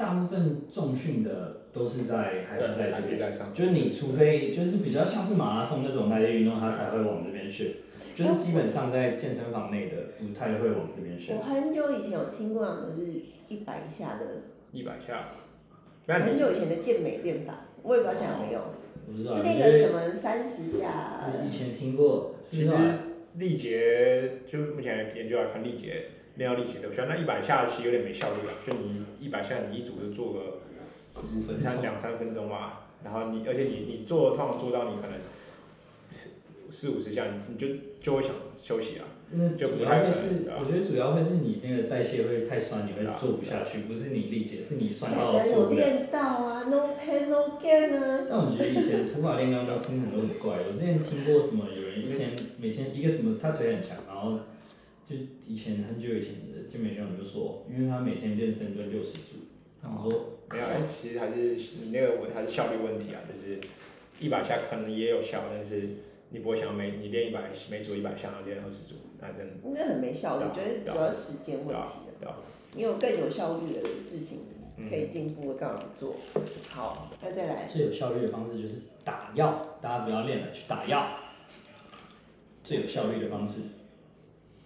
大部分重訓的都是在還是在這邊，就是你除非就是比較像是馬拉松那種那些運動，它才會往這邊訓，就是基本上在健身房內的不太會往這邊訓。我很
久以前有聽過，就是一百下的，一百下，很久以前的健美練法，我也不知道現在有沒有，那個什麼三十下，以
前聽過。其實力竭就目前研究來看，力竭，練到力竭對，像那一百下其實有點沒效率了。啊，就你一百下你一組就做個五分，三兩三分鐘嘛，然後你而且你你做通常做到你可能四五十下你就就會想休息啊，那就不太覺是我覺得主要會是你那個代謝會
太酸，你會做不下去，對不是你力竭，是你酸到做不到。有練
到啊，no pain no gain 啊。但我覺得以前
土法煉鋼都聽很多很怪，我之前聽過什麼有人一天每天，每天一個什麼他腿很強，然後。就以前很久以前的健美選手就說，因為他每天健身就六十組。然後說，
沒有，哎，其實還是你那個還是效率問題啊，就是一百下可能也有效，但是你不會想要每你練一
百每組一百下，要練二十組，那真應該很沒效率。我道覺得主要時間問題的。對，你有更有效率的事情可以進步，更好做。嗯、好，那再來。
最有效率的方式就是打藥，大家不要練了，去打藥。最有效率的方式。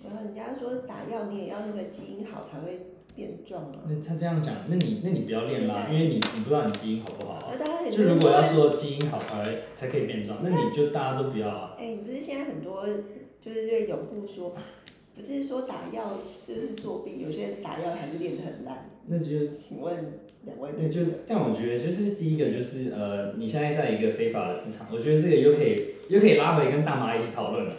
然後人家說打藥，你也要那個基因好才會變壯
啊。那、欸、他這樣講，那你那你不要練啦，啊、因為你你不知道你基因好不好啊。就如果要說基因好才才可以變壯，但那你就大家都不要啊、
欸。你不是現在很多就是這個用戶說，不是說打藥是不是作弊， 有些人打藥還是練得很爛。 那就請問兩位，那就但我覺得就是第一個就是呃，你現在在一
個非法的市場，我覺得這個又可以又可以拉回跟大媽一起討論了，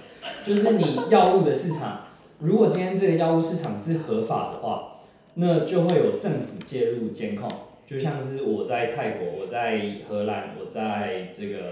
就是你藥物的市場。 如果今天這個藥物市場是合法的話，那就會有政府介入監控，就像是我在泰國，我在荷蘭，我在這個，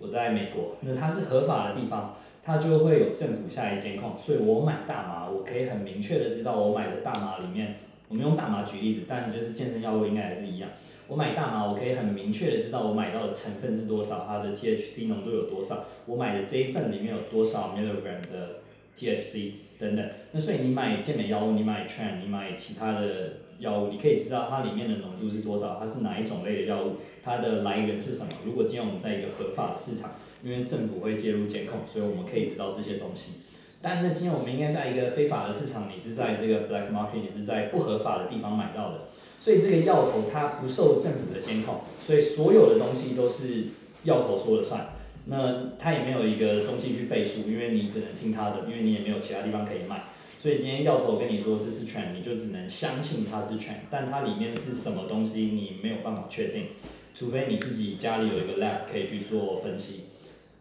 我在美國，那它是合法的地方，它就會有政府下來監控，所以我買大麻，我可以很明確的知道我買的大麻裡面，我們用大麻舉例子，但就是健身藥物應該也是一樣，我買大麻，我可以很明確的知道我買到的成分是多少，它的 THC 濃度有多少，我買的這一份裡面有多少 milligram 的 THC。等等，那所以你買健美藥物，你買 tren，你買其他的藥物，你可以知道它裡面的濃度是多少，它是哪一種類的藥物，它的來源是什麼。如果今天我們在一個合法的市場，因為政府會介入監控，所以我們可以知道這些東西。但那今天我們應該在一個非法的市場，你是在這個 black market，你是在不合法的地方買到的，所以這個藥頭它不受政府的監控，所以所有的東西都是藥頭說了算。那他也沒有一個東西去背書，因為你只能聽他的，因為你也沒有其他地方可以賣，所以今天藥頭跟你說這是 Tren，你就只能相信它是 Tren，但它裡面是什麼東西你沒有辦法確定，除非你自己家裡有一個 lab 可以去做分析。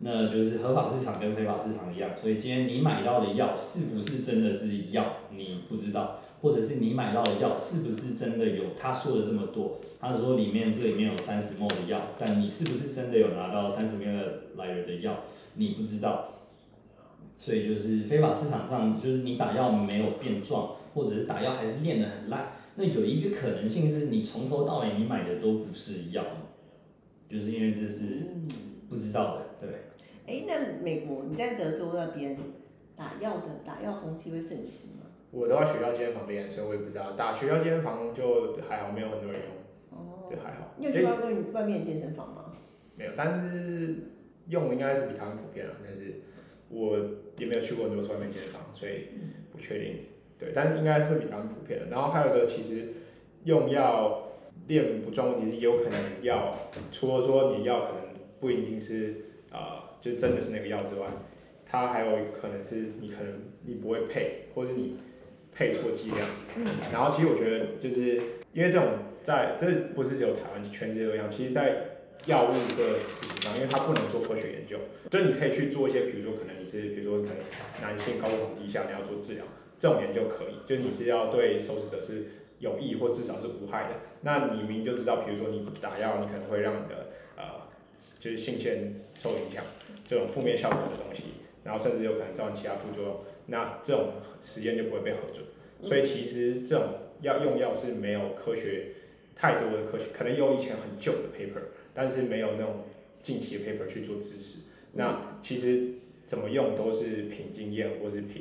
那就是合法市場跟非法市場一樣，所以今天你買到的藥是不是真的是藥，你不知道，或者是你買到的藥是不是真的有他說的這麼多，他說裡面這裡面有三十 m 的藥，但你是不是真的有拿到三十 m 的來源的藥，你不知道，所以就是非法市場上，就是你打藥沒有變壯，或者是打藥還是練的很爛，那有一個可能性是，你從頭到尾你買的都不是藥，就是因為
這是不知道的。
哎、欸，那美國你在德州那邊打藥的打藥風氣會盛行
嗎？我的話，學校健身房練，所以我也不知道。打學校健身房就還好，沒有很多人用，哦、對還好。你有去外
面的健身房嗎、
欸？沒有，但是用應該是比他們普遍了。但是我也沒有去過很多外面健身房，所以不確定。嗯、對，但是應該會比他們普遍的。然後還有一個，其實用藥練不重，也是有可能藥，除了說你藥可能不一定是啊。呃就真的是那個藥之外，它還有可能是你可能你不會配，或是你配錯劑量。然後其實我覺得就是因為這種在這不是只有台灣圈子都一樣，其實在藥物這事實上，因為它不能做科學研究，所以你可以去做一些，比如說可能你是比如說可能男性睾酮低下，你要做治療，這種研究可以，就是你是要對受試者是有益或至少是無害的。那你明明就知道，比如說你打藥，你可能會讓你的呃就是性腺受影響。這種負面效果的東西，然後甚至有可能造成其他副作用，那這種實驗就不會被核准。所以其實這種藥用藥是沒有科學太多的科學，可能有以前很舊的 paper，但是沒有那種近期的 paper 去做支持。那其實怎麼用都是憑經驗或是憑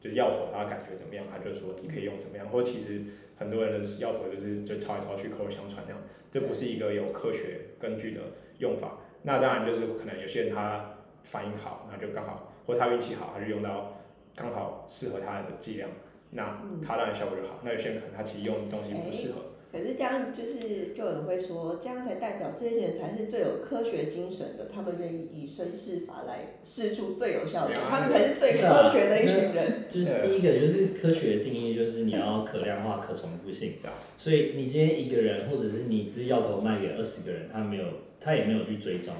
就是藥頭他感覺怎麼樣，它就是說你可以用怎麼樣，或其實很多人的藥頭就是就抄來抄去、口口相傳那樣，這不是一個有科學根據的用法。那當然就是可能有些人他反應好，那就剛好，或他運氣好，他就用到剛好適合他的劑量，那他那效果就好。那有些人可能他其實用的東西不適合、欸。
可是這樣就是有人會說，這樣才代表這些人才是最有科學精神的，他們願意以身試法來試出最有效的，啊、他們不才是最科學的一群人、啊。就
是第一個就是科學的定義就是你要可量化、可重複性。對啊、所以你今天一個人，或者是你這藥頭賣給二十個人，他沒有，他也沒有去追蹤。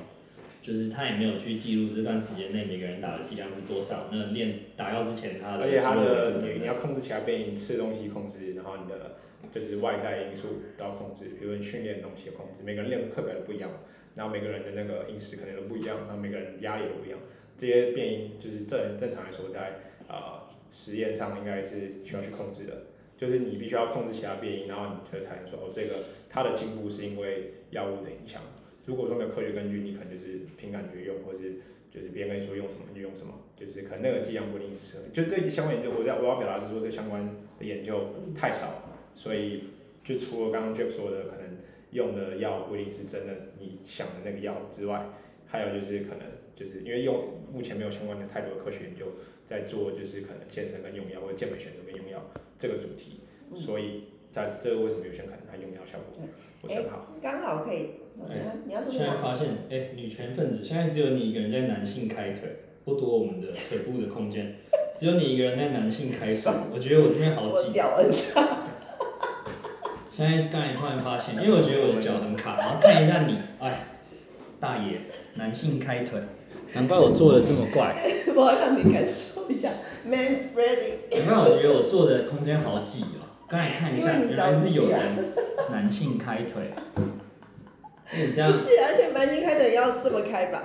就是他也沒有去記錄這段時間內每個人打的劑量是多少。那練打藥之前，他的，的。而且他的，你要
控制其他變異，吃東西控制，然後你的就是外在因素都要控制，比如訓練的東西的控制，每個人練的課表都不一樣，然後每個人的那個飲食可能都不一樣，然後每個人壓力也不一樣，這些變異就是正正常來說在呃實驗上應該是需要去控制的，就是你必須要控制其他變異，然後你才才能說哦這個它的進步是因為藥物的影響。如果說沒有科學根據，你可能就是憑感覺用，或者是就是別人跟你說用什麼你就用什麼，就是可能那個劑量不一定適合。就這相關研究，我在我要表達是說這相關的研究太少，所以就除了剛剛 Jeff 說的可能用的藥不一定是真的你想的那個藥之外，還有就是可能就是因為用目前沒有相關的太多的科學研究在做，就是可能健身跟用藥或者健美選手跟用藥這個主題，所以。這、啊、這個為什麼有些人可能他用藥效果？嗯、我剛好
剛好可以。哎，麼現在發現，
哎、欸，女權分子，現在只有你一個人在男性開腿，剝奪我們的腿部的空間，只有你一個人在男性開腿。 我覺得我這邊好擠。 現在剛才突然發現，因為我覺得我的腳很卡，然後看一下你，哎，大爺，男性開腿，難怪我坐的這麼怪。
我要讓你感受一下 ，man spreading。難
怪我覺得我坐的空間好擠哦。剛才看一下，原來是有人男性開腿。不是，而
且男性開腿要這麼開吧？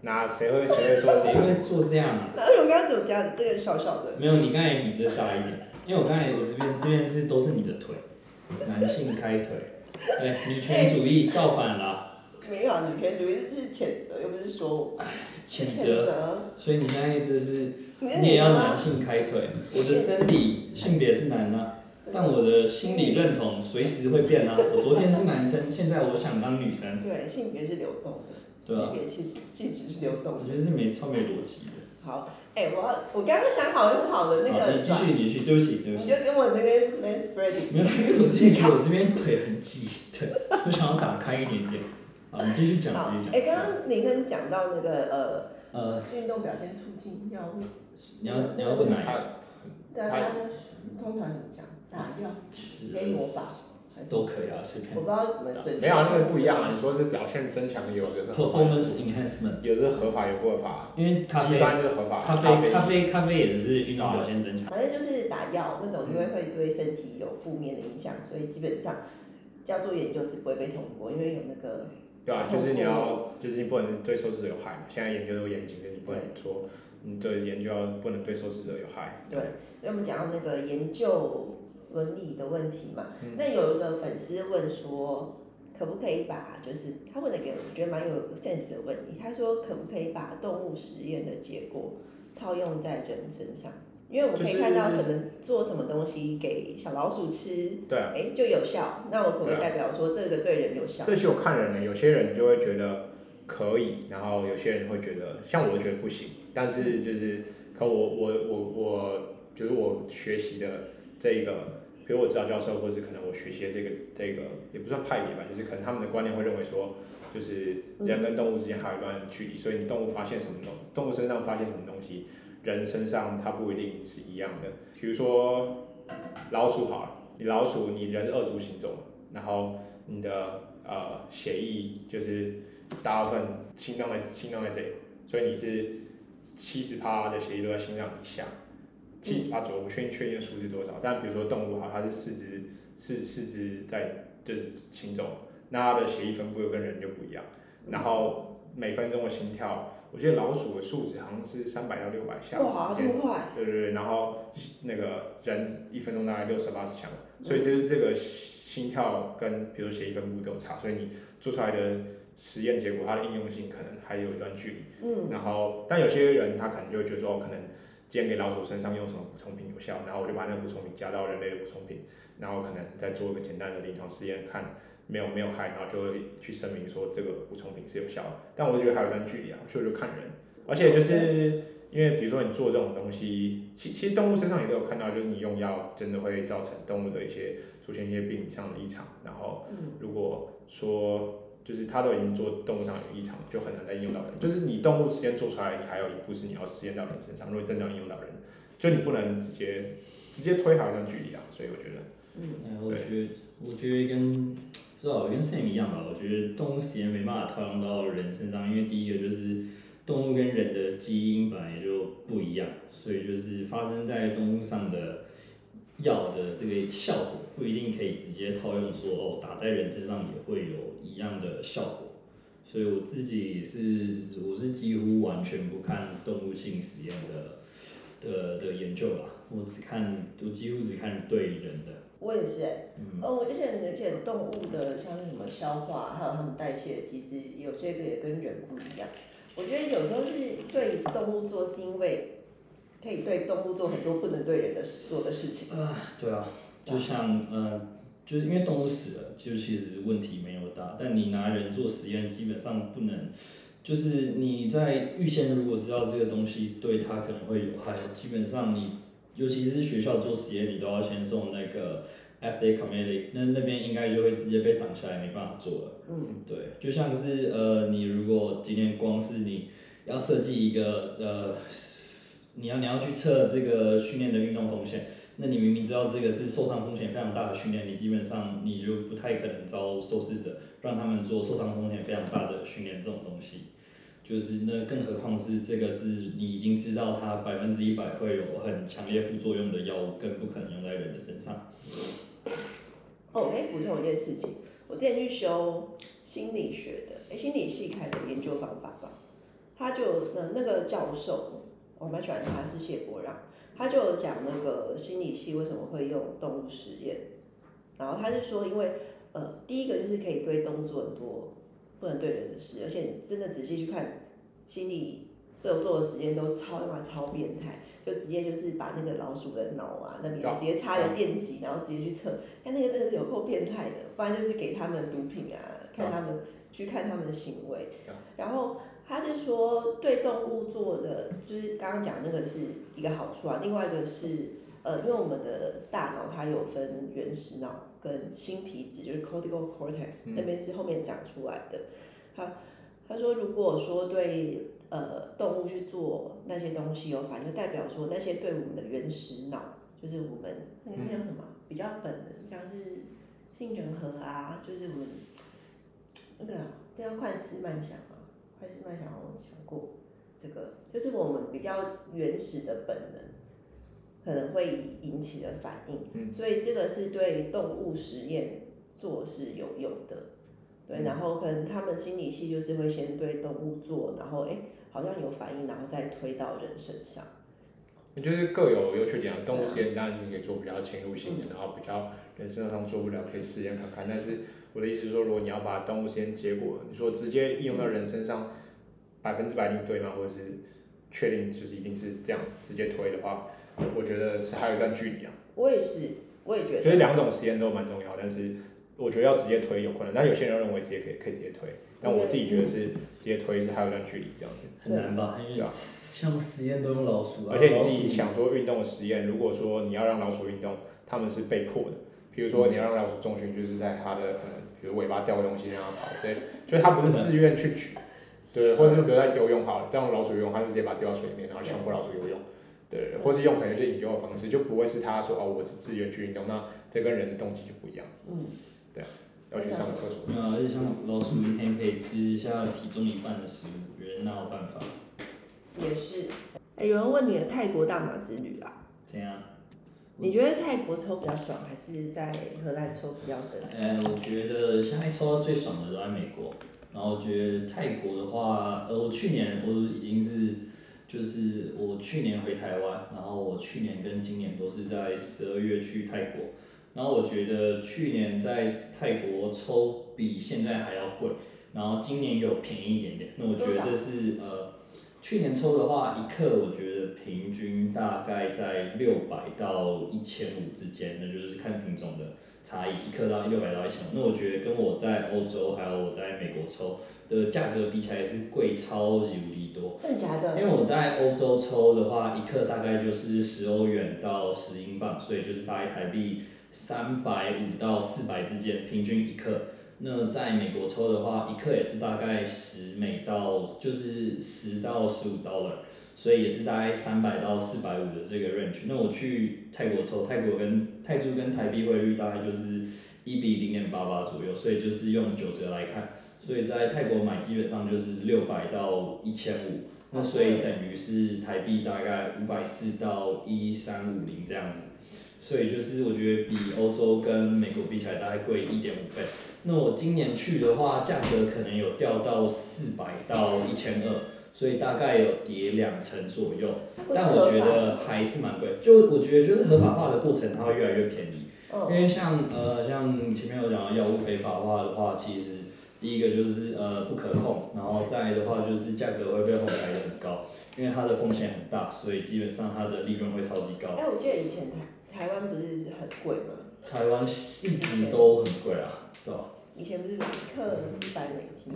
那誰會誰會說誰？因為做這樣。那
我剛才只有這樣這個小小的。
沒有，你剛才比這大一點。因為我剛才我這邊這邊是都是你的腿，男性開腿。對，女權主義造反了。
沒有，女權主義是譴責，又不是說我。譴責。
所以你剛才一直是？你也要男性開腿？我的生理性別是男的。但我的心理認同隨時會變啊！我昨天是男生，現在我想當女生。對，性別是流動的。對啊。性別其
實性情是流動的。我覺得是沒超沒邏輯的。好，哎，我要，我剛剛想好很好的那個。你繼續，你繼續。對不起，對不起。你就跟我那個沒，legs spreading 沒有，我自己覺
得我這邊腿很擠，對，我想要打開一點點。好，你繼續講，繼續
講。哎，剛剛林森講到那個呃呃運動表現促進你要，你要問哪一個？對大家通常怎麼講？
打藥、給藥吧，都可以啊，隨便、啊。沒有、啊，因、就、為、是、不一樣啊。你說是表現增強的，有的是合法，有的合法，有不合法。因為咖啡、酸就合法咖
啡、咖啡
也是誘導表現增強。啊、反正就是打藥那種，因為會對身體有負面的影響，所以基本上要做研究是不會被通過，因為有那個。對啊，就是你要，
就是你不能對受試者有害嘛。現在研究都嚴謹，所以你不能說對你的研究要
不能對受試者有害。對,對，所以我們講到那個研究。倫理的問題嘛，那有一個粉絲問說，嗯、可不可以把就是他問了一個我覺得蠻有 sense 的問題，他說可不可以把動物實驗的結果套用在人身上？因為我們可以看到、就是、可能做什麼東西給小老鼠吃，對、就是，哎、欸、就有效，啊、那我可不可以代表說這個對人有效、啊？這是我看
人呢，有些人就會覺得可以，然後有些人會覺得，像我覺得不行，但是就是可我我我我就是我學習的這一個。比如我指導教授，或者是可能我學習的這個這個也不算派別吧，就是可能他們的觀念會認為說，就是人跟動物之間還有一段距離，所以你動物發現什麼東，動物身上發現什麼東西，人身上它不一定是一樣的。比如說老鼠好了，你老鼠你人是二足行走，然後你的呃血液就是大部分心臟在心臟在這裡，所以你是七十趴的血液都在心臟以下。嗯、七十八左右，我不確定確定數字多少，但比如說動物哈，它是四肢四四肢在，就是行走，那它的血液分布又跟人就不一樣。然後每分鐘的心跳，我記得老鼠的數值好像是三百到六百下之間。哇、哦，快！對對對，然後那個人一分鐘大概六十八十下，所以就是這個心跳跟比如血液分布都有差，所以你做出來的實驗結果它的應用性可能還有一段距離。嗯。然後，但有些人他可能就覺得說，可能。先給老鼠身上用什麼補充品有效，然後我就把那個補充品加到人類的補充品，然後可能再做一個簡單的臨床試驗，看沒有沒有害，然後就會去聲明說這個補充品是有效的。但我覺得還有一段距離啊，所以就看人，而且就是因為比如說你做這種東西，其其實動物身上也都有看到，就是你用藥真的會造成動物的一些出現一些病理上的異常。然後如果說，就是他都已經做動物上有異常，就很難再應用到人。就是你動物實驗做出來，你還有一步是你要實驗到人身上，如果真的要用到人，就你不能直接直接推行，一段距離啊。所以我覺得，嗯、
哎，我覺得我覺得跟不知道跟 Sam 一樣吧。我覺得動物實驗沒辦法套用到人身上，因為第一個就是動物跟人的基因本來就不一樣，所以就是發生在動物上的藥的這個效果不一定可以直接套用說，說哦，打在人身上也會有一樣的效果，所以我自己也是，我是幾乎完全不看動物性實驗的的的研究吧，我只看我幾乎只看對人的。
我也是、欸、嗯，嗯、哦，而且而且動物的像什麼消化、還有它們代謝，其實有些個也跟人不一樣。我覺得有時候是對動物做，是因為可以對動物做很多不能對人的事，做的事情。啊，對啊，
就像嗯哇、呃，就是因為動物死了，就其實問題沒有。但你拿人做實驗，基本上不能，就是你在預先如果知道這個東西對他可能會有害，基本上你尤其是學校做實驗，你都要先送那個 ethical committee 那那邊應該就會直接被擋下來，沒辦法做了。嗯，對。就像是呃，你如果今天光是你要設計一個呃，你要你要去測這個訓練的運動風險。那你明明知道這個是受傷風險非常大的訓練，你基本上你就不太可能招受試者，讓他們做受傷風險非常大的訓練這種東西，就是那更何況是這個是你已經知道它百分之一百會有很強烈副作用的藥物，更不可能用在人的身上。
OK，補充一件事情，我之前去修心理學的，哎、欸，心理系開的研究方法吧，他就那，那個教授，我蠻喜歡他，是謝伯讓。他就講那個心理系為什麼會用動物實驗，然後他就說，因為呃，第一個就是可以對動物做很多不能對人的事，而且你真的仔細去看，心理做做的實驗都超他媽超變態，就直接就是把那個老鼠的腦啊那邊直接插個電極，Yeah. 然後直接去測，但那個真的是有夠變態的，不然就是給他們毒品啊，看他們 Yeah. 去看他們的行為，Yeah. 然後。他是說對動物做的，就是剛剛講那個是一個好處啊，另外一個是呃，因為我們的大腦它有分原始腦跟新皮質，就是 cortical cortex、嗯、那邊是後面長出來的。他他說如果說對呃動物去做那些東西有反應，代表說那些對我們的原始腦，就是我們那個叫什麼比較本能，像是杏仁核啊，就是我們那個這樣、個、快思慢想、啊。還是麥小龍講過，這個就是我們比較原始的本能，可能會引起的反應。嗯、所以這個是對動物實驗做是有用的，對。然後可能他們心理系就是會先對動物做，然後哎、欸、好像有反應，然後再推到人身上。
你就是各有優缺點啊。動物實驗當然是可以做比較侵入性的，嗯、然後比較。人身上做不了，可以試驗看看。但是我的意思是說，如果你要把動物實驗結果，你說直接應用到人身上100，百分之百一定對嗎？或者是確定就是，是一定是這樣子直接推的話，我覺得是還有一段距離啊。
我也是，我也覺得，就是兩
種實驗都蠻重要。但是我覺得要直接推有可能，但有些人認為直接可以可以直接推，但我自己覺得是直接推是還有一段距離這樣子。很難吧？對啊，
像實驗都用老鼠啊，而且你自己想
說運動的實驗，如果說你要讓老鼠運動，他們是被迫的。比如說你要讓老鼠重訓，就是在它的可能，比如尾巴掉個東西然後它跑，所以就它不是自願去取，對，或者是比如它游泳好，了，讓老鼠游泳，它就直接把它丟到水裡面，然後強迫老鼠游泳，對，或是用可能就引誘的方式，就不會是它說哦、啊，我是自願去運動，那這跟人的動機就不一樣，嗯，對
啊，要去上個廁
所。
嗯，而且像老鼠一天可以吃一下體重一半的食物，
人哪有辦法？也是，哎，有人問你的泰國大馬之旅啦、啊。怎樣？你覺得泰國抽比較爽，還是在荷蘭
抽比較爽？呃，我覺得現在抽到最爽的都在美國。然後我覺得泰國的話，呃，我去年我已經是，就是我去年回台灣，然後我去年跟今年都是在十二月去泰國。然後我覺得去年在泰國抽比現在還要貴，然後今年有便宜一點點。那我覺得是多少？呃，去年抽的話一克，我覺得平均。大概在六百到一千五之間，那就是看品種的差異，一克到六百到一千五。那我覺得跟我在歐洲還有我在美國抽的價格比起來是貴超級無敵多。真的假的？因為我在歐洲抽的話，一克大概就是十歐元到十英鎊，所以就是大概台幣三百五到四百之間，平均一克。那在美國抽的話，一克也是大概十美刀就是十到十五刀吧所以也是大概三百到四百五的這個 range，那我去泰國抽，泰國跟泰銖跟台幣匯率大概就是一比零點八八左右，所以就是用九折來看，所以在泰國買基本上就是六百到一千五，那所以等於是台幣大概五百四到一三五零這樣子。所以就是我覺得比歐洲跟美國比起來大概貴一點五倍。那我今年去的話，價格可能有掉到四百到一千二。所以大概有跌兩成左右，但我覺得還是蠻貴。就我覺得，就是合法化的過程，它會越來越便宜。因為像呃，像前面有講的，藥物非法化的話，其實第一個就是呃不可控，然後再來的話就是價格會被哄抬的很高，因為它的風險很大，所以基本上它的利潤會
超級高。哎、欸，我記得以前台台灣不是很貴嗎？台灣一直都很貴啊，是吧？
以前不是一克一百美金？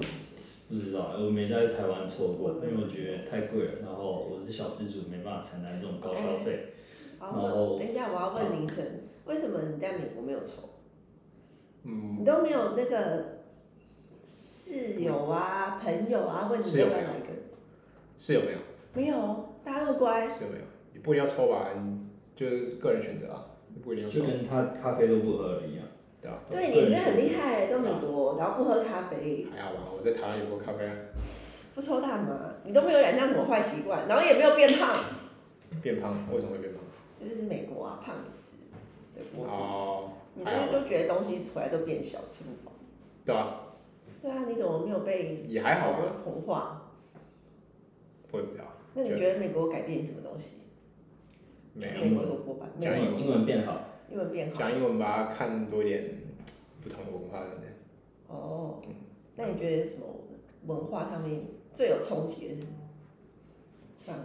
不知道，我沒在台灣抽過，嗯、因為我覺得太貴了。然後我是小資族，沒辦法承擔這種高消費。
嗯、然後，等一下我要問 Sam 一聲對為什麼你在美國沒有抽？嗯，你都沒有那個室友啊、嗯、朋友啊，為什麼沒
有？室友、啊、沒有？
沒有，大家都乖。室友沒有，你
不一定要抽吧、啊？就個人選擇啊，不一定要抽、啊。就跟他咖啡都不喝一樣。
對，你真的很厲害，在美國，然後不喝咖啡。還好吧，我在台灣也不喝咖啡。不抽大麻，你都沒有染上什麼壞習慣，然後也沒有變胖。變胖？為什麼會變胖？就是美國啊，胖子。哦。你不就覺得東西回來都變小，吃不飽？對啊。對啊，你怎麼沒有被？也還好吧。同化。會比較。那你覺得美國改變什麼東西？
美國進步吧，美國英文變好。講英，英文把它看多一點不同的文化上面。
哦，oh, 嗯，那你覺得什麼文化上面最有衝擊的？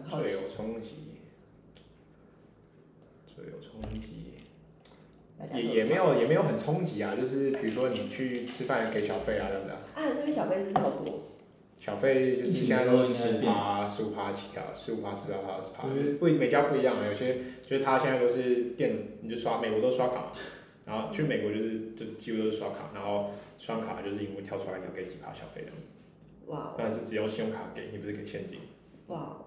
最有
衝擊，最有衝擊，也也沒有也沒有很衝擊啊，就是比如說你去吃飯給小費啊，這樣子
啊，那邊小費是比較多。
小費就是現在都是十八、十五趴，起跳十五趴、十八趴、二十趴，啊啊、就是不每家不一樣。有些就是他現在都是電，你就刷美國都刷卡，然後去美國就是就幾乎都是刷卡，然後刷卡就是因為跳出來你要給幾趴小費的。哇。
當然是只有信用卡
給，你不是給現金。
哇。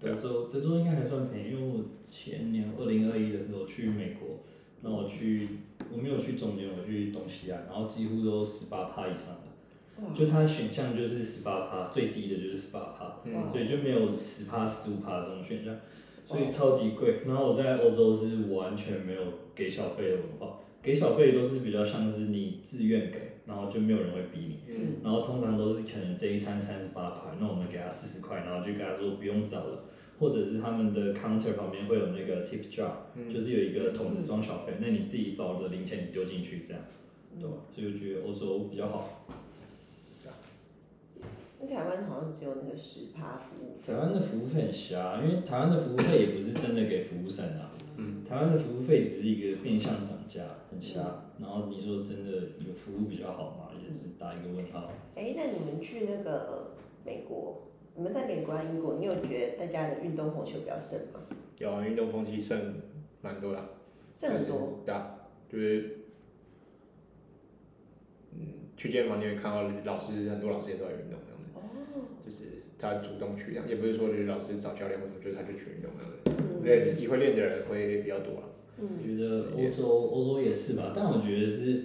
德州德
州應該還算便宜，因為我前年二零二一的時候去美國，那我去我沒有去中間，我去東西安，然後幾乎都十八趴以上。就它的選項就是十八趴，最低的就是十八趴，所以就沒有十趴、十五趴的這種選項，所以超級貴。然後我在歐洲是完全沒有給小費的文化，給小費都是比較像是你自願給，然後就沒有人會逼你。然後通常都是可能這一餐三十八塊，那我們給他四十塊，然後就跟他說不用找了，或者是他們的 counter 旁邊會有那個 tip jar，就是有一個桶子裝小費，那你自己找的零錢你丟進去這樣，對吧？所以我覺得歐洲比較好。
那台灣好像只有那個十趴服務
費。台灣的服務費很瞎，因為台灣的服務費也不是真的給服務生啊。嗯。台灣的服務費只是一個變相漲價，很瞎。嗯、然後你說真的有服務比較好嗎？也是打一個問號。哎、欸，
那你們去那個美國，你們在美國、英國，你有覺得大家的運動風氣比較盛嗎？有啊，
運動風氣盛蠻多啦。盛很多。對，就是嗯，去健身房你也看到老師，很多老師也都在運動。就是他主動去練，也不是說是老師找教練，或者就是他就去運動了。我覺得自己會練的人會比較多啦、啊。我覺得歐洲，歐洲也是吧，但我覺得是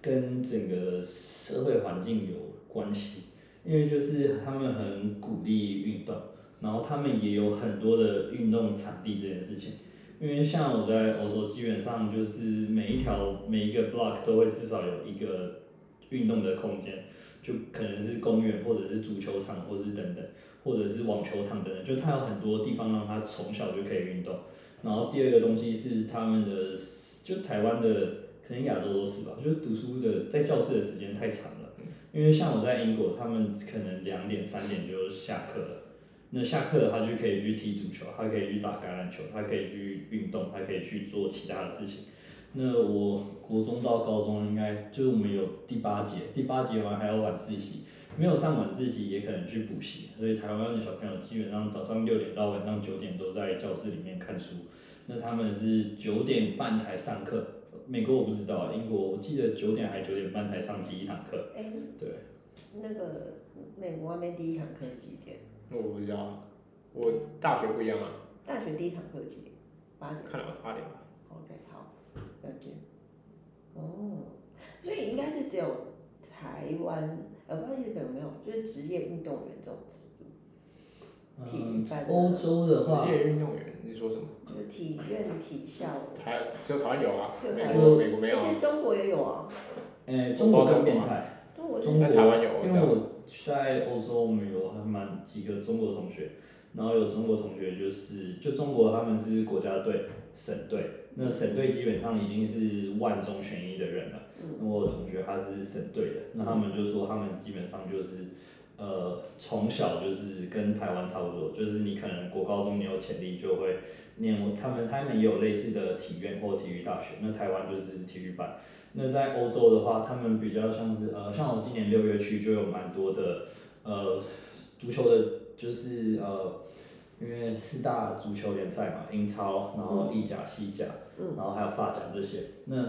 跟整個社會環境有關係，因為就是他們很鼓勵運動，然後他們也有很多的運動場地這件事情。因為像我在歐洲，基本上就是每一條每一個 block 都會至少有一個運動的空間。就可能是公園，或者是足球場，或者是等等，或者是網球場等等。就他有很多地方讓他從小就可以運動。然後第二個東西是他們的，就台灣的可能亞洲都是吧，就是讀書的在教室的時間太長了。因為像我在英國，他們可能兩點三點就下課了。那下課了他就可以去踢足球，他可以去打橄欖球，他可以去運動，他可以去做其他的事情。那我國中到高中應該就是我們有第八節，第八節完還要晚自習，沒有上晚自習也可能去補習，所以台灣的小朋友基本上早上六點到晚上九點都在教室裡面看書。那他們是九點半才上課，美國我不知道、欸，英國我記得九點還九點半才上第一堂課。哎，對、
欸，那個美國外面第一堂課是幾點？
那我不知道，我大學不一樣啊。
大學第一堂課是幾點？八點。8點看了八點吧。OK，好。哦，所以應該是只有台灣，我、啊、不知道日本有沒有，就是職業運動員這種職業。嗯，歐洲的話，職業運動員，你說什
麼？就體院、體校的。台，就台灣有啊，美國、欸、美國沒有、啊。其實
中國也有啊。哎、
欸，中國更變態。中國在台灣、啊、中國因為我在歐洲，我們有還蠻幾個中國同學，然後有中國同學就是，就中國他們是國家隊、省隊。那省隊基本上已經是萬中選一的人了。那我同學他是省隊的，那他們就說他們基本上就是，呃，從小就是跟台灣差不多，就是你可能國高中你有潛力就會念，念他們他們也有類似的體院或體育大學。那台灣就是體育班。那在歐洲的話，他們比較像是呃，像我今年六月去就有蠻多的呃足球的，就是呃，因為四大足球聯賽嘛，英超，然後意甲、西甲。然後還有發展這些，那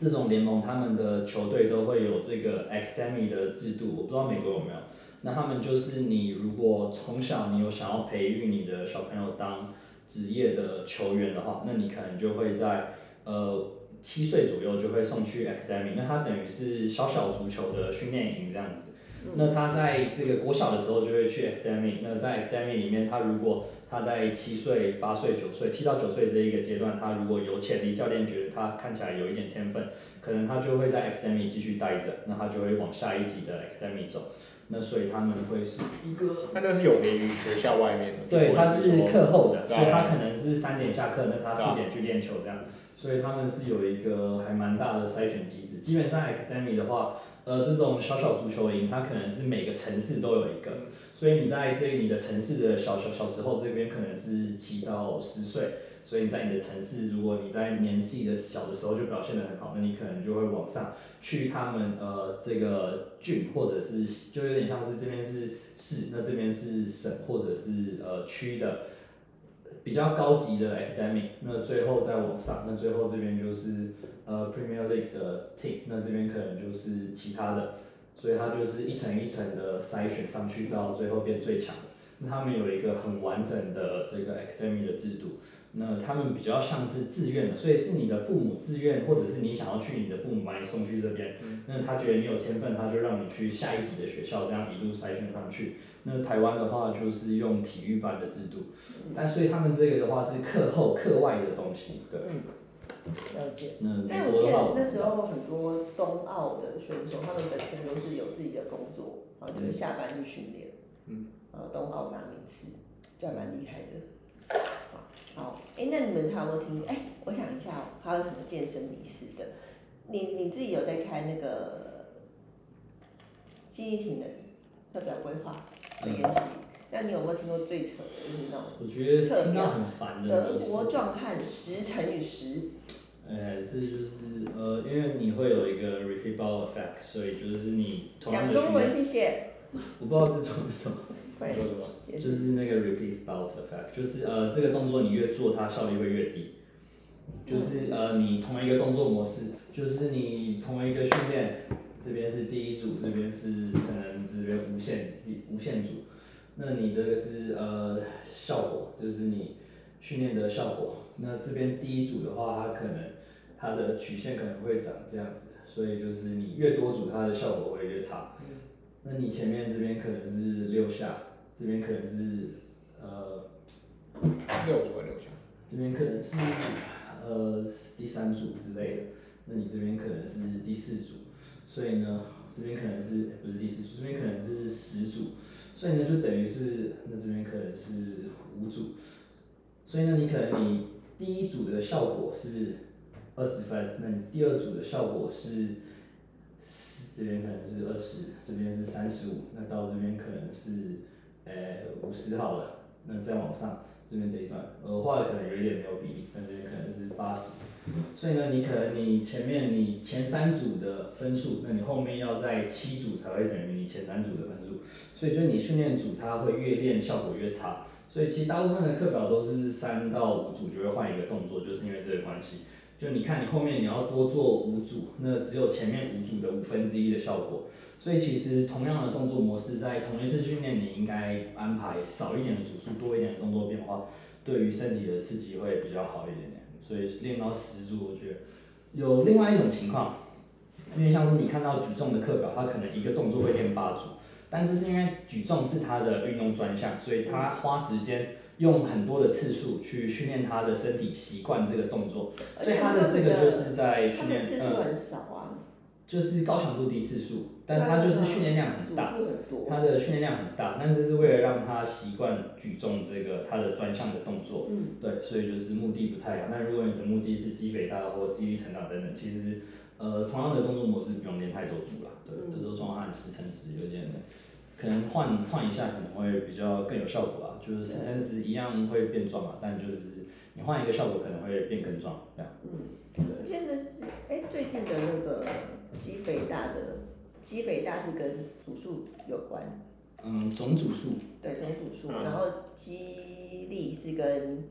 這種聯盟他們的球隊都會有這個 academy 的制度，我不知道美國有沒有。那他們就是你如果從小你有想要培育你的小朋友當職業的球員的話，那你可能就會在呃七歲左右就會送去 academy，那他等於是小小足球的訓練營這樣子。那他在這個國小的時候就會去 academy，那在 academy 裡面，他如果他在七歲、八歲、九歲，七到九歲這一個階段，他如果有潛力，教練覺得他看起來有一點天分，可能他就會在 academy 繼續待着，那他就會往下一級的 academy 走。那所以他們會是一個，那那是有別於學校外面的，對，他是課後的，所以他可能是三點下課，那他四點去練球這樣，所以他們是有一個還蠻大的篩選機制，基本上 academy 的話。呃，這種小小足球營，它可能是每個城市都有一個，所以你在這你的城市的小小小時候這邊可能是七到十歲，所以你在你的城市，如果你在年紀的小的時候就表現得很好，那你可能就會往上去他們呃這個郡或者是就有點像是這邊是市，那這邊是省或者是呃區的比較高級的 academic，那最後再往上，那最後這邊就是。呃、uh，Premier League 的 team，那這邊可能就是其他的，所以它，就是一層一層的篩選上去，到最後變最強。那他們有一個很完整的這個 academy 的制度，那他們比較像是自願的，所以是你的父母自願，或者是你想要去，你的父母把你送去這邊，那他覺得你有天分，他就讓你去下一級的學校，這樣一路篩選上去。那台灣的話就是用體育班的制度，但所以他們這個的話是課後課外的東西，對。了解。所以我記得那時
候很多冬奧的選手，他們本身都是有自己的工作，然後對、啊、就是下班去訓練。嗯。然後冬奧拿名次，就蠻厲害的。好，哎、欸，那你們還有都聽？哎、欸，我想一下哦、喔，還有什麼健身迷思的？你你自己有在開那個，記憶體能、特別要規劃的練習？對那你有沒有聽過最扯的，就是，那種動？我覺得聽到很煩的。德國壯漢十乘以十。
哎、欸，這就是呃，因為你會有一個 repeat ball effect，所以就是你同樣的訓練。講中文謝謝。我不知道這做什麼，說人什麼？就是那個 repeat ball effect，就是呃，這個動作你越做，它效率會越低。就是呃，你同一個動作模式，就是你同一個訓練，這邊是第一組，這邊是可能、呃、這邊無限第無限組。那你這個是呃效果，就是你訓練的效果。那這邊第一組的話，它可能它的曲線可能會長這樣子，所以就是你越多組，它的效果會越差。嗯。那你前面這邊可能是六下，這邊可能是呃六組還是六下，這邊可能是呃第三組之類的。那你這邊可能是第四組，所以呢這邊可能是不是第四組，這邊可能是十組。所以呢，就等於是，那這邊可能是五組，所以呢，你可能你第一組的效果是二十分，那你第二組的效果是，這邊可能是二十，這邊是三十五，那到這邊可能是，呃，五十好了，那再往上，這邊這一段，我畫的可能有一點沒有比例，但這邊可能是八十。所以呢，你可能你前面你前三組的分數，那你後面要在七組才會等於你前三組的分數。所以就你訓練組它會越練效果越差。所以其實大部分的課表都是三到五組就會換一個動作，就是因為這個關係。就你看你後面你要多做五組，那只有前面五組的五分之一的效果。所以其實同樣的動作模式，在同一次訓練你應該安排少一點的組數，多一點的動作變化，對於身體的刺激會比較好一點點。所以練到十組，我覺得有另外一種情況，因為像是你看到舉重的課表，他可能一個動作會練八組，但這是因為舉重是他的運動專項，所以他花時間用很多的次數去訓練他的身體習慣這個動作，所以他的這個就是在訓練，呃。就是高強度低次數，但它就是訓練量很大，它的訓練量很大，但這是為了讓他習慣舉重這個他的專項的動作，嗯、對，所以就是目的不太一樣。那如果你的目的是肌肥大或肌力成長等等，其實呃同樣的動作模式不用練太多組了，對，這、嗯、時候壯按十乘十有點可能換換一下可能會比較更有效果吧，就是十乘十一樣會變壯嘛，對但就是你換一個效果可能會變更壯這樣。嗯，真的是哎、
欸、最近的那個。肌肥大的肌肥大是跟組數有關，嗯，總組數。對，總組數。嗯、然後肌力是跟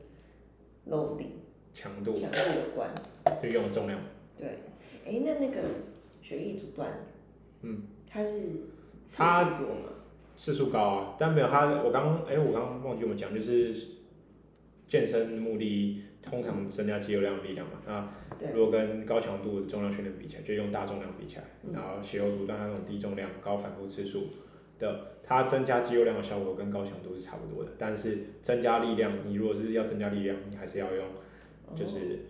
loading 強度強度有關，就用重量。對，哎、欸，那那個
血液阻斷，嗯，
它是
次數多嗎？次數高啊，但沒有。它。我剛哎、欸，我剛忘記我們講，就是健身目的通常增加肌肉量、力量嘛啊。如果跟高強度的重量訓練比起來，就用大重量比起來，嗯、然後血流阻斷那種低重量高反復次數的，它增加肌肉量的效果跟高強度是差不多的。但是增加力量，你如果是要增加力量，你還是要用，就是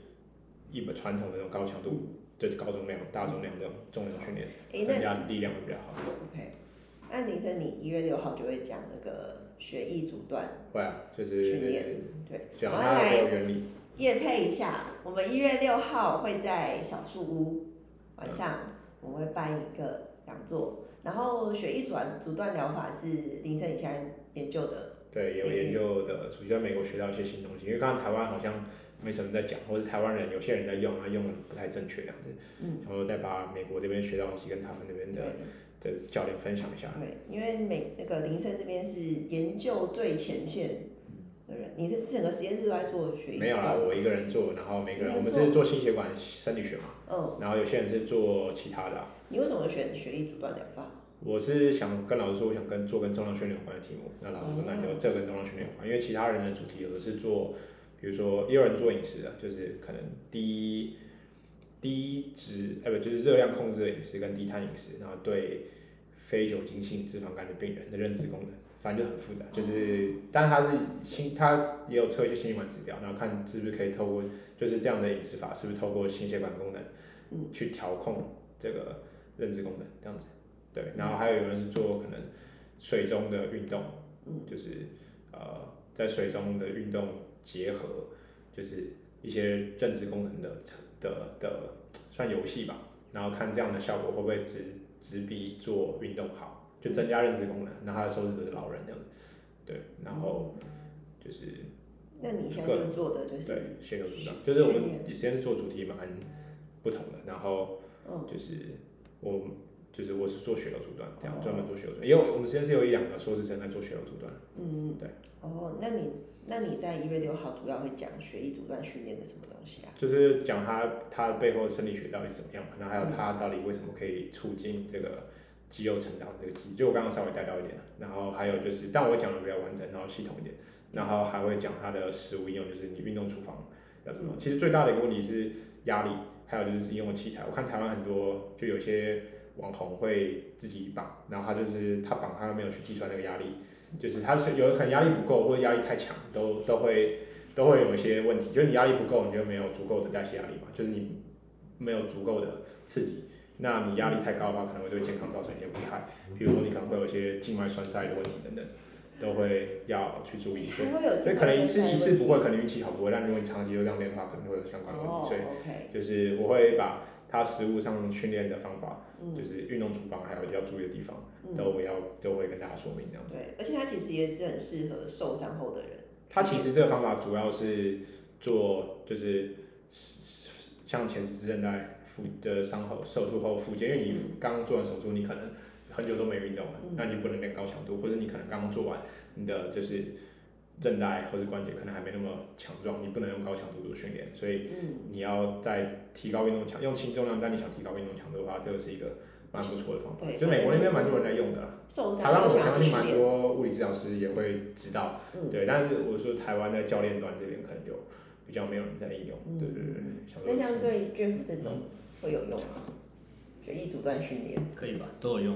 一本傳統的那種高強度、哦、就是高重量大重量那種重量訓練，嗯、增加力量會比較好。OK，那凌
晨你一月六號就會講那個血流阻斷，會啊，就是對，講它的原理。業配一下，我們一月六號會在小樹屋晚上，我們會辦一個講座。然後血液轉阻斷療法是林森以前研究的，
對，有研究的，主要、嗯、在美國學到一些新東西。因為剛剛台灣好像沒什麼在講，或是台灣人有些人在用，啊用的不太正確這樣子。嗯、然後再把美國這邊學到東西跟他們那邊的的,的教練分享一下。對，
因為美那個林森這邊是研究最前線。你是整個實驗室都在做血流？沒有啦，我
一個人做。然後每個人，我們是做心血管生理學嘛。嗯。然後有些人是做其他的、啊。你為什麼選血流阻斷療法？我是想跟老師說，我想跟做跟重量訓練有關的題目。那老師跟他說，這跟重量訓練有關，嗯、因為其他人的主題有的是做，比如說有人做飲食的，就是可能低低脂，呃不是就是熱量控制的飲食跟低碳飲食，然後對非酒精性脂肪肝的病人的認知功能。反正就很複雜，就是，但他是心，他也有測一些心血管指標，然後看是不是可以透過，就是這樣的飲食法，是不是透過心血管功能，去調控這個認知功能，這樣子，對，然後還有一個人是做可能水中的運動，就是呃在水中的運動結合，就是一些認知功能的測的的算遊戲吧，然後看這樣的效果會不會只只比做運動好。就增加認知功能，嗯、然後來收拾的老人這樣子，對，然後就是。嗯、那你現在是是做的就是血流阻斷，學就是我們實驗室做主題蠻不同的，年然後就是、哦、我就是我是做血流阻斷這樣，哦、專門做血流阻斷，因為我們實驗室有一兩個碩士生在做血流阻斷。嗯，
對。哦，那你那你在一月六號主要會講
血流阻斷訓練的什麼東西啊？就是講他他背後的生理學到底怎麼樣嘛，然後還有他到底為什麼可以促進這個。嗯肌肉成長的這個機制，就我剛剛稍微帶到一點，然後還有就是，但我講的比較完整，然後系統一點，然後還會講它的實務應用，就是你運動處方要怎麼樣。嗯。其實最大的一個問題，是壓力，還有就是應用器材。我看台灣很多，就有些網紅會自己綁，然後他就是他綁，他沒有去計算那個壓力，就是他是有可能壓力不夠，或者壓力太強，都都會都會有一些問題。就是你壓力不夠，你就沒有足夠的代謝壓力嘛，就是你沒有足夠的刺激。那你壓力太高的話，可能會對健康造成一些危害，比如說你可能會有一些靜脈栓塞的問題等等，都會要去注意。不會有。所以可能一次一次不會，可能運氣好不會，嗯、但如果你長期就這樣練的話，可能會有相關問題。哦、所以，okay 就是我會把它實務上訓練的方法，嗯、就是運動處方還有要注意的地方，嗯、都要都會跟大家說明這樣子。對，而且
它其實也是很適合受傷後的
人。它其實這個方法主要是做就是像前十字韌帶。的傷口手術後復健，因為你剛做完手術，你可能很久都沒運動了，嗯、那你不能練高強度，或者你可能剛剛做完你的就是韌帶或是關節可能還沒那麼強壯，你不能用高強度的訓練，所以你要再提高運動強，用輕重量，但你想提高運動強度的話，這個是一個蠻不錯的方法。對，就美國那邊蠻多人在用的啦，台灣我相信蠻多物理治療師也會知道，嗯、對，但是我說台灣的教練端這邊可能就比較沒
有人在應用，
嗯、對對對，很像對
Jeff 這種。會有用嗎？就一組斷訓練可以吧，都有用。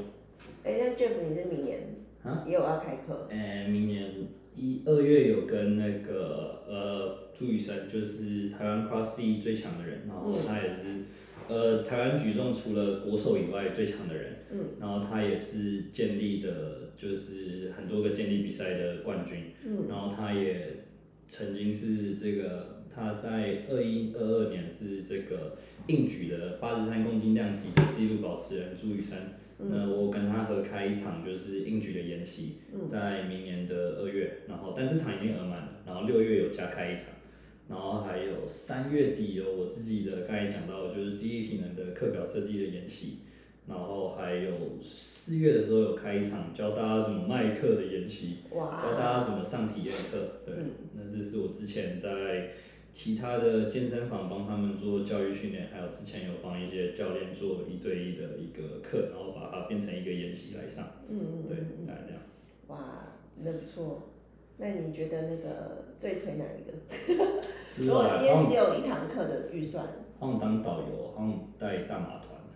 哎、欸，那 Jeff，你是明年啊蛤也有要開課？
哎、欸，明年一二月有跟那個呃朱雨辰，就是台灣 CrossFit 最強的人，然後他也是、嗯、呃台灣舉重除了國手以外最強的人。嗯、然後他也是健力的，就是很多個健力比賽的冠軍。嗯、然後他也曾經是這個，他在二一二二年是這個。硬舉的八十三公斤量級的紀錄保持人朱雨山。嗯、那我跟他合開一場就是硬舉的研習，在明年的二月，嗯、然後但這場已經額滿了，然後六月有加開一場，然後還有三月底有我自己的剛才講到就是競技體能的課表設計的研習，然後還有四月的時候有開一場教大家怎麼賣課的研習，哇教大家怎麼上體驗課，對，嗯、那這是我之前在。其他的健身房幫他們做教育訓練，還有之前有幫一些教練做一對一的一個課，然後把它變成一個演習來上。嗯，對，
大概這樣。哇，認錯。那你覺得那個最推哪一個？是 如果今天只有一堂課的預算？
幫、啊、我當導遊，幫我帶大馬團、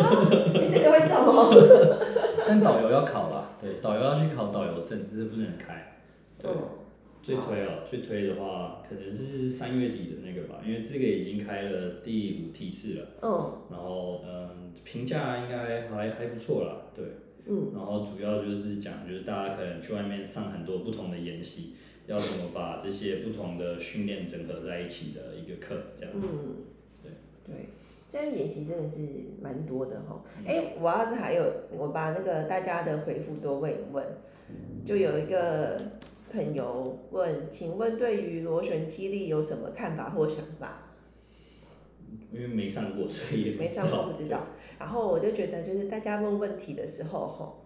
啊。
你這個會做嗎？
但導遊要考啦，對，導遊要去考導遊證，這是不能開。對。嗯最推哦、喔，好最推的話，可能是三月底的那個吧，因為這個已經開了第五梯次了。嗯、哦。然後，嗯、呃，評價應該還還不錯啦。對。嗯、然後主要就是講，就是大家可能去外面上很多不同的研習，要怎麼把這些不同的訓練整合在一起的一個課，這樣子。嗯。
對。對。這樣研習真的是蠻多的哈。哎、嗯欸，我要是還有，我把那個大家的回覆多問一問，就有一個。朋友問，請問對於螺旋肌力有什麼看法或想法？
因為沒上過，所以也不知道。沒上過知
道對然後我就覺得，就是大家問問題的時候，吼，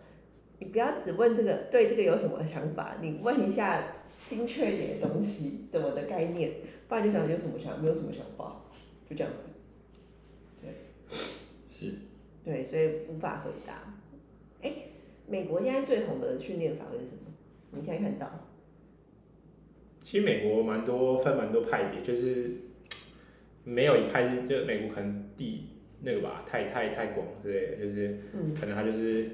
你不要只問這個，對這個有什麼想法？你問一下精確一點的東西，怎麼的概念？不然就想有什麼想法，沒有什麼想法，就這樣子。對，是，對，所以無法回答。哎、欸，美國現在最紅的訓練法是什麼？你現在看到？
其實美國蠻多分蠻多派別，就是沒有一派是就美國可能地那個吧，太太太廣之類的，就是，可能他就是，嗯、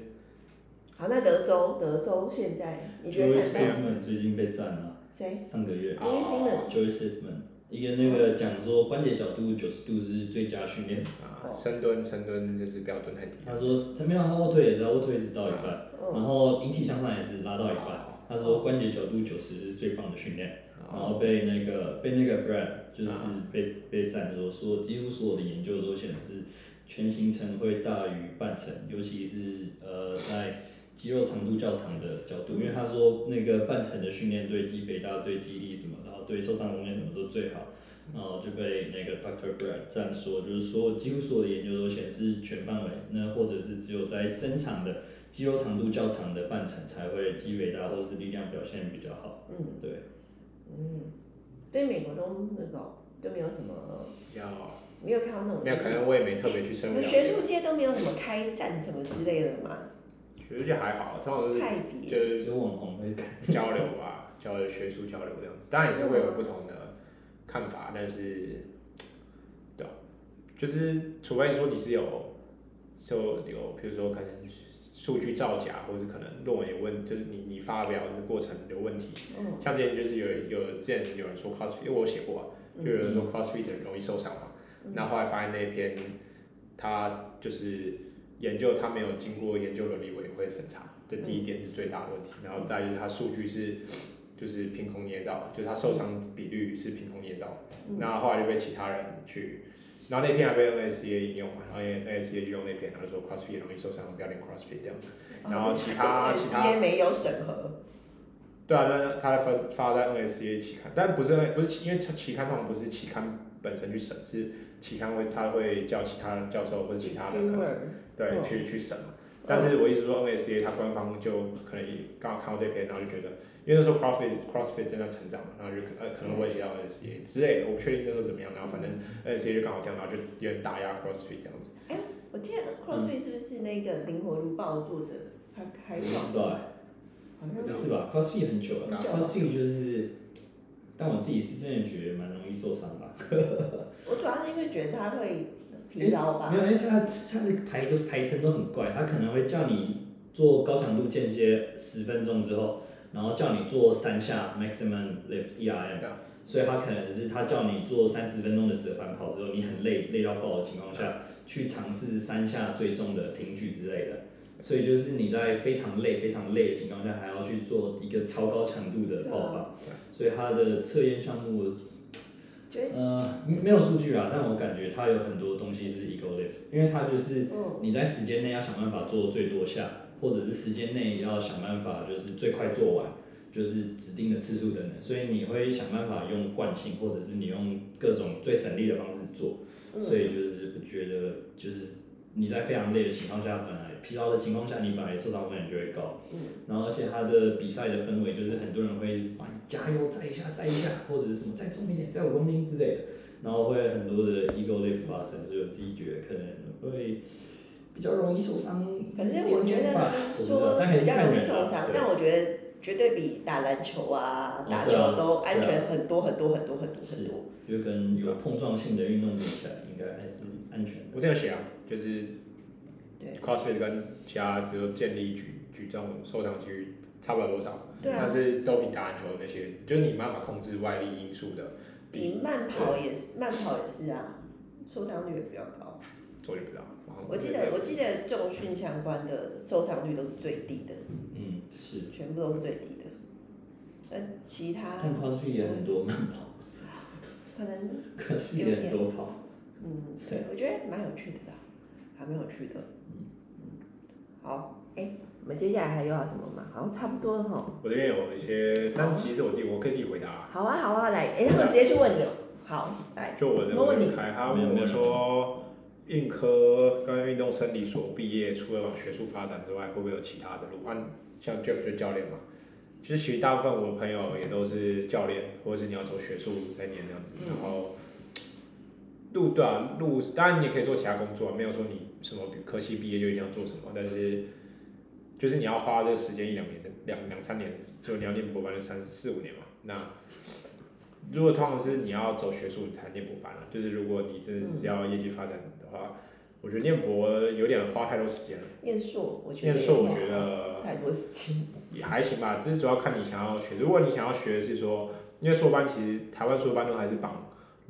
好，那德州德州現在，Joey Siffman
最近被占了，誰誰？上個月，Joey Siffman，Joey Siffman，一個那個講說關節角度九十度是最佳訓練啊，oh. 深蹲深蹲就是不要蹲太低，他說陳妙華後腿也是後腿一直到一半，oh. 然後引體向上也是拉到一半，oh. 他說關節角度九十是最棒的訓練。然後被那個被那個 Brad 就是被、uh huh. 被讚說，說幾乎所有的研究都顯示全行程會大於半程，尤其是呃在肌肉長度較長的角度，uh huh. 因為他說那個半程的訓練對肌肥大、對肌力什麼，然後對受傷風險什麼都最好。然後就被那個 Doctor Brad 讚說，就是說幾乎所有的研究都顯示全範圍，那或者是只有在伸長的肌肉長度較長的半程才會肌肥大或是力量表現比較好。嗯、uh，huh. 對。
嗯，對美國都那種、個、
都沒有什麼，要沒有
看到那種、就是。那可能
我也沒特別去深入了解。學術界
都沒有什麼開戰什麼之類的嘛？
學術界還好，通常都是就是我網紅會交流吧，交流學術交流這樣子，當然也是會有不同的看法，是嗎但是對，就是除非說你是有就有，比如說可能。數據造假，或是可能論文有問就是你你發表的過程有問題。嗯、像之前就是有人有之前有人說 CrossFit，因為我寫過啊，就有人說 CrossFit 很容易受傷嘛、啊。那、嗯嗯、後來發現那一篇，他就是研究他沒有經過研究倫理委員會審查，這第一點是最大的問題。嗯、然後再就是他數據是就是憑空捏造，就是他受傷比率是憑空捏造。那後，後來就被其他人去。然後那篇還被 NSA 引用嘛？然後 NSA 就用那篇，然後說 CrossFit 容易受傷，不要練 CrossFit 這樣子。然後其他 其他沒有審核。對啊，那他在發發在 NSA 期刊，但不是不是，因為他期刊通常不是期刊本身去審，是期刊會他會叫其他教授或者其他的可能 F ever. 對、oh. 去去審。但是我一直說 NSA 他官方就可能剛好看到這篇，然後就覺得。因為那時候 CrossFit CrossFit 在那成長嘛，然後就呃可能會接到 NSA、嗯、之類的，我不確定那時候怎麼樣，然後反正 NSA、嗯、就剛好掉，然後就有人打壓 CrossFit 這樣子。哎、欸，
我記得 CrossFit 是不是那個《靈活如豹》的作者？他、嗯、還知道哎？好像不是吧、啊就
是、吧？CrossFit 很久了、啊、了，CrossFit 就是，但我自己是真的覺得蠻容易受傷吧。
我主要是因為覺得他會疲勞吧、欸？
沒有，因為他他的排都排程都很怪，他可能會叫你做高強度間歇十分鐘之後。然後叫你做三下 maximum lift ERM、嗯、所以他可能只是他叫你做三十分鐘的折返跑之後，你很累累到爆的情況下，去嘗試三下最重的停舉之類的，所以就是你在非常累非常累的情況下，還要去做一個超高強度的爆發，嗯、所以他的測驗項目，呃，沒有數據啊，但我感覺他有很多東西是 ego lift，因為他就是你在時間內要想辦法做最多下。或者是時間內要想辦法，就是最快做完，就是指定的次數等等，所以你會想辦法用慣性，或者是你用各種最省力的方式做，所以就是覺得就是你在非常累的情況下，本來疲勞的情況下，你本來受傷風險就會高，然後而且他的比賽的氛圍就是很多人會把、啊、你加油再一下再一下，或者是什麼再重一點再五公斤之類的，然後會很多的 ego lift 發生，所以我自己覺得可能會。比
較容易受傷，反正我覺得說比較容易受傷，但對我覺得絕對比打籃球啊、對打球都安全很多很多很多很多很多，
很多。是，就跟
有碰撞性的運動比起來，應該還是安全。我這樣寫啊，就是對 CrossFit 跟其他，比如說健力舉、舉重，受傷幾率差不了多，多少。對啊。但是都比打籃球那些，就是你慢慢控制外力因素的比。比對慢跑也是，對慢跑
也是啊，受傷率也比較高。我記得我記得重訓相關的受傷率都是最低的，嗯、嗯，是，全部都是最低的，但其他，他很多可能，可是也很多。嗯，對，對對，我覺得蠻有趣的吧，啊，蠻有趣的。好，哎，欸，我們接下來還有什麼嗎？好像差不多了哈。我這
邊有一些，但其實我自己，啊，我可以自己回答。
好啊好啊，來，哎，欸，那我直接去問你，喔，
好，來。就我問，問你，硬科剛運動生理所畢業，除了往學術發展之外，會不會有其他的路？像 Jeff 做教練嘛？其實其實大部分我的朋友也都是教練，或者是你要做學術路才念那樣子。然後路對路當然你也可以做其他工作，沒有說你什麼科系畢業就一定要做什麼。但是就是你要花這個時間一兩年、兩兩三年，就兩年博班就三四五年嘛。那如果通常是你要走學術才念博班了，啊，就是如果你真的是要業績發展的、的話，嗯、我覺得念博有點花太多時間
了。念碩，我覺得。念碩我覺得念我覺得太多時間。
也還行吧，只是主要看你想要學。如果你想要學，是說，因為碩班其實台灣碩班都還是綁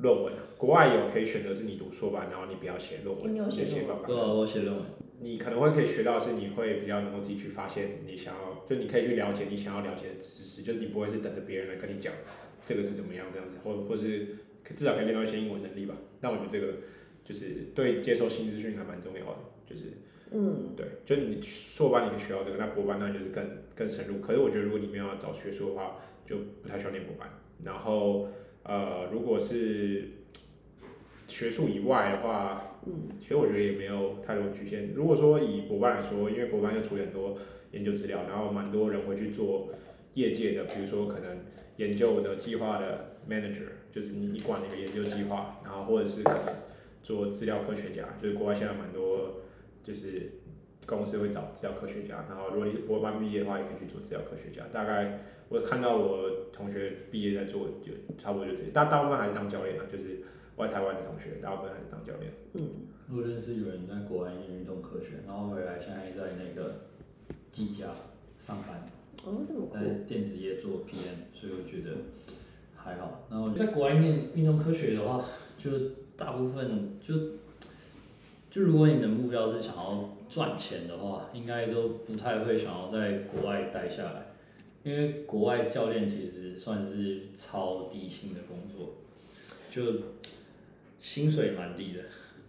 論文，啊、國外有可以選擇是你讀碩班，然後你不要寫論文，直接讀。對啊，我寫論文。你可能會可以學到是你會比較能夠自己去發現你想要，就你可以去了解你想要了解的知識，就你不會是等着別人來跟你講。這個是怎麼樣這樣子，或或者是至少可以練到一些英文能力吧。但我覺得這個就是對接受新資訊還蠻重要的，就是嗯，對，就你碩班你可以學到這個，那博班當然就是更更深入。可是我覺得如果你沒有要找學術的話，就不太需要念博班。然後呃，如果是學術以外的話，其實我覺得也沒有太多局限。如果說以博班來說，因為博班要處理很多研究資料，然後蠻多人會去做。業界的，比如說可能研究我的計劃的 manager，就是你你管那個研究計劃，然後或者是做資料科學家，就是國外現在蠻多，就是公司會找資料科學家，然後如果你是博班畢業的話，也可以去做資料科學家。大概我看到我同學畢業在做，就差不多就這些，但大、大部分還是當教練啊，就是外台灣的同學，大部分還是當教練。嗯，我認識有人在國外學運動科學，
然後回來現在在那個技嘉上班。在、哦呃、電子業做 PM，所以我覺得還好。然後在國外念運動科學的話，就大部分就就如果你的目標是想要賺錢的話，應該都不太會想要在國外待下來，因為國外教練其實算是超低薪的工作，就薪水蠻低的。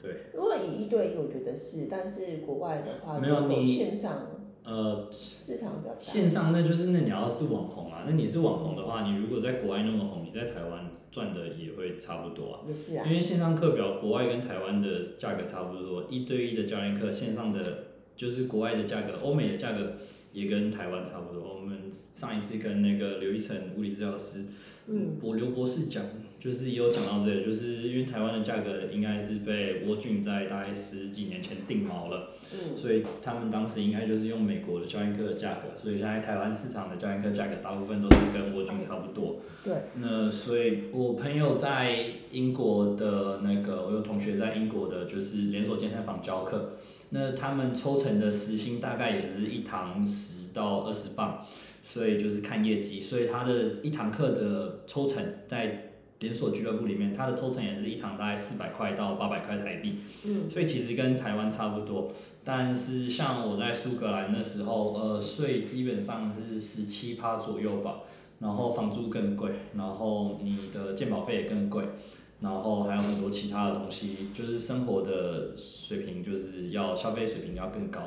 對，
如果以一對一，我覺得是，但是國外的話，沒有你線上。呃，市場表現，線上，那就是，
那你要是網紅啊，那你是網紅的話，你如果在國外那麼紅，你在台灣賺的也會差不多啊。是啊。因為線上課表，國外跟台灣的價格差不多，一對一的教練課線上的就是國外的價格，歐美的價格也跟台灣差不多。我們上一次跟那個劉一成物理治療師，嗯，博劉博士講。就是也有講到這個，就是因為台灣的價格應該是被 World Gym 在大概十幾年前定錨了，嗯、所以他們當時應該就是用美國的教練課的價格，所以現在台灣市場的教練課價格大部分都是跟 World Gym 差不多。對那所以我朋友在英國的那個，我有同學在英國的，就是連鎖健身房教課，那他們抽成的時薪大概也是一堂十到二十磅，所以就是看業績，所以他的一堂課的抽成在。連鎖俱樂部裡面，它的抽成也是一堂大概四百塊到八百塊台幣，嗯、所以其實跟台灣差不多。但是像我在蘇格蘭的時候，呃，稅基本上是十七趴左右吧。然後房租更貴，然後你的健保費也更貴，然後還有很多其他的東西，就是生活的水平就是要消費水平要更高。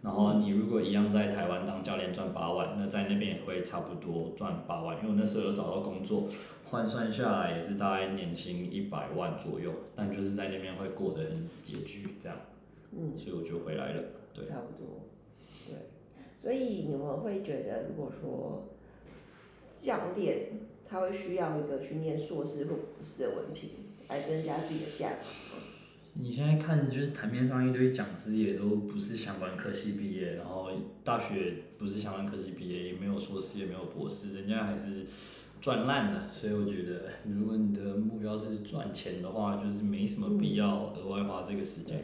然後你如果一樣在台灣當教練賺八萬，那在那邊也會差不多賺八萬，因為我那時候有找到工作。換算下來也是大概年薪一百萬左右，但就是在那邊會過得很拮據，這樣，嗯，所以我就回來了。
嗯、對，差不多。對，所以你們會覺得，如果說教練，他會需要一個去念碩士或博士的文憑，來增加自己的價值嗎？
你現在看，就是台面上一堆講師，也都不是相關科系畢業，然後大學不是相關科系畢業，也沒有碩士，也沒有博士，人家還是。賺爛了，所以我覺得，如果你的目標是賺錢的話，就是沒什麼必要額外花這個時間。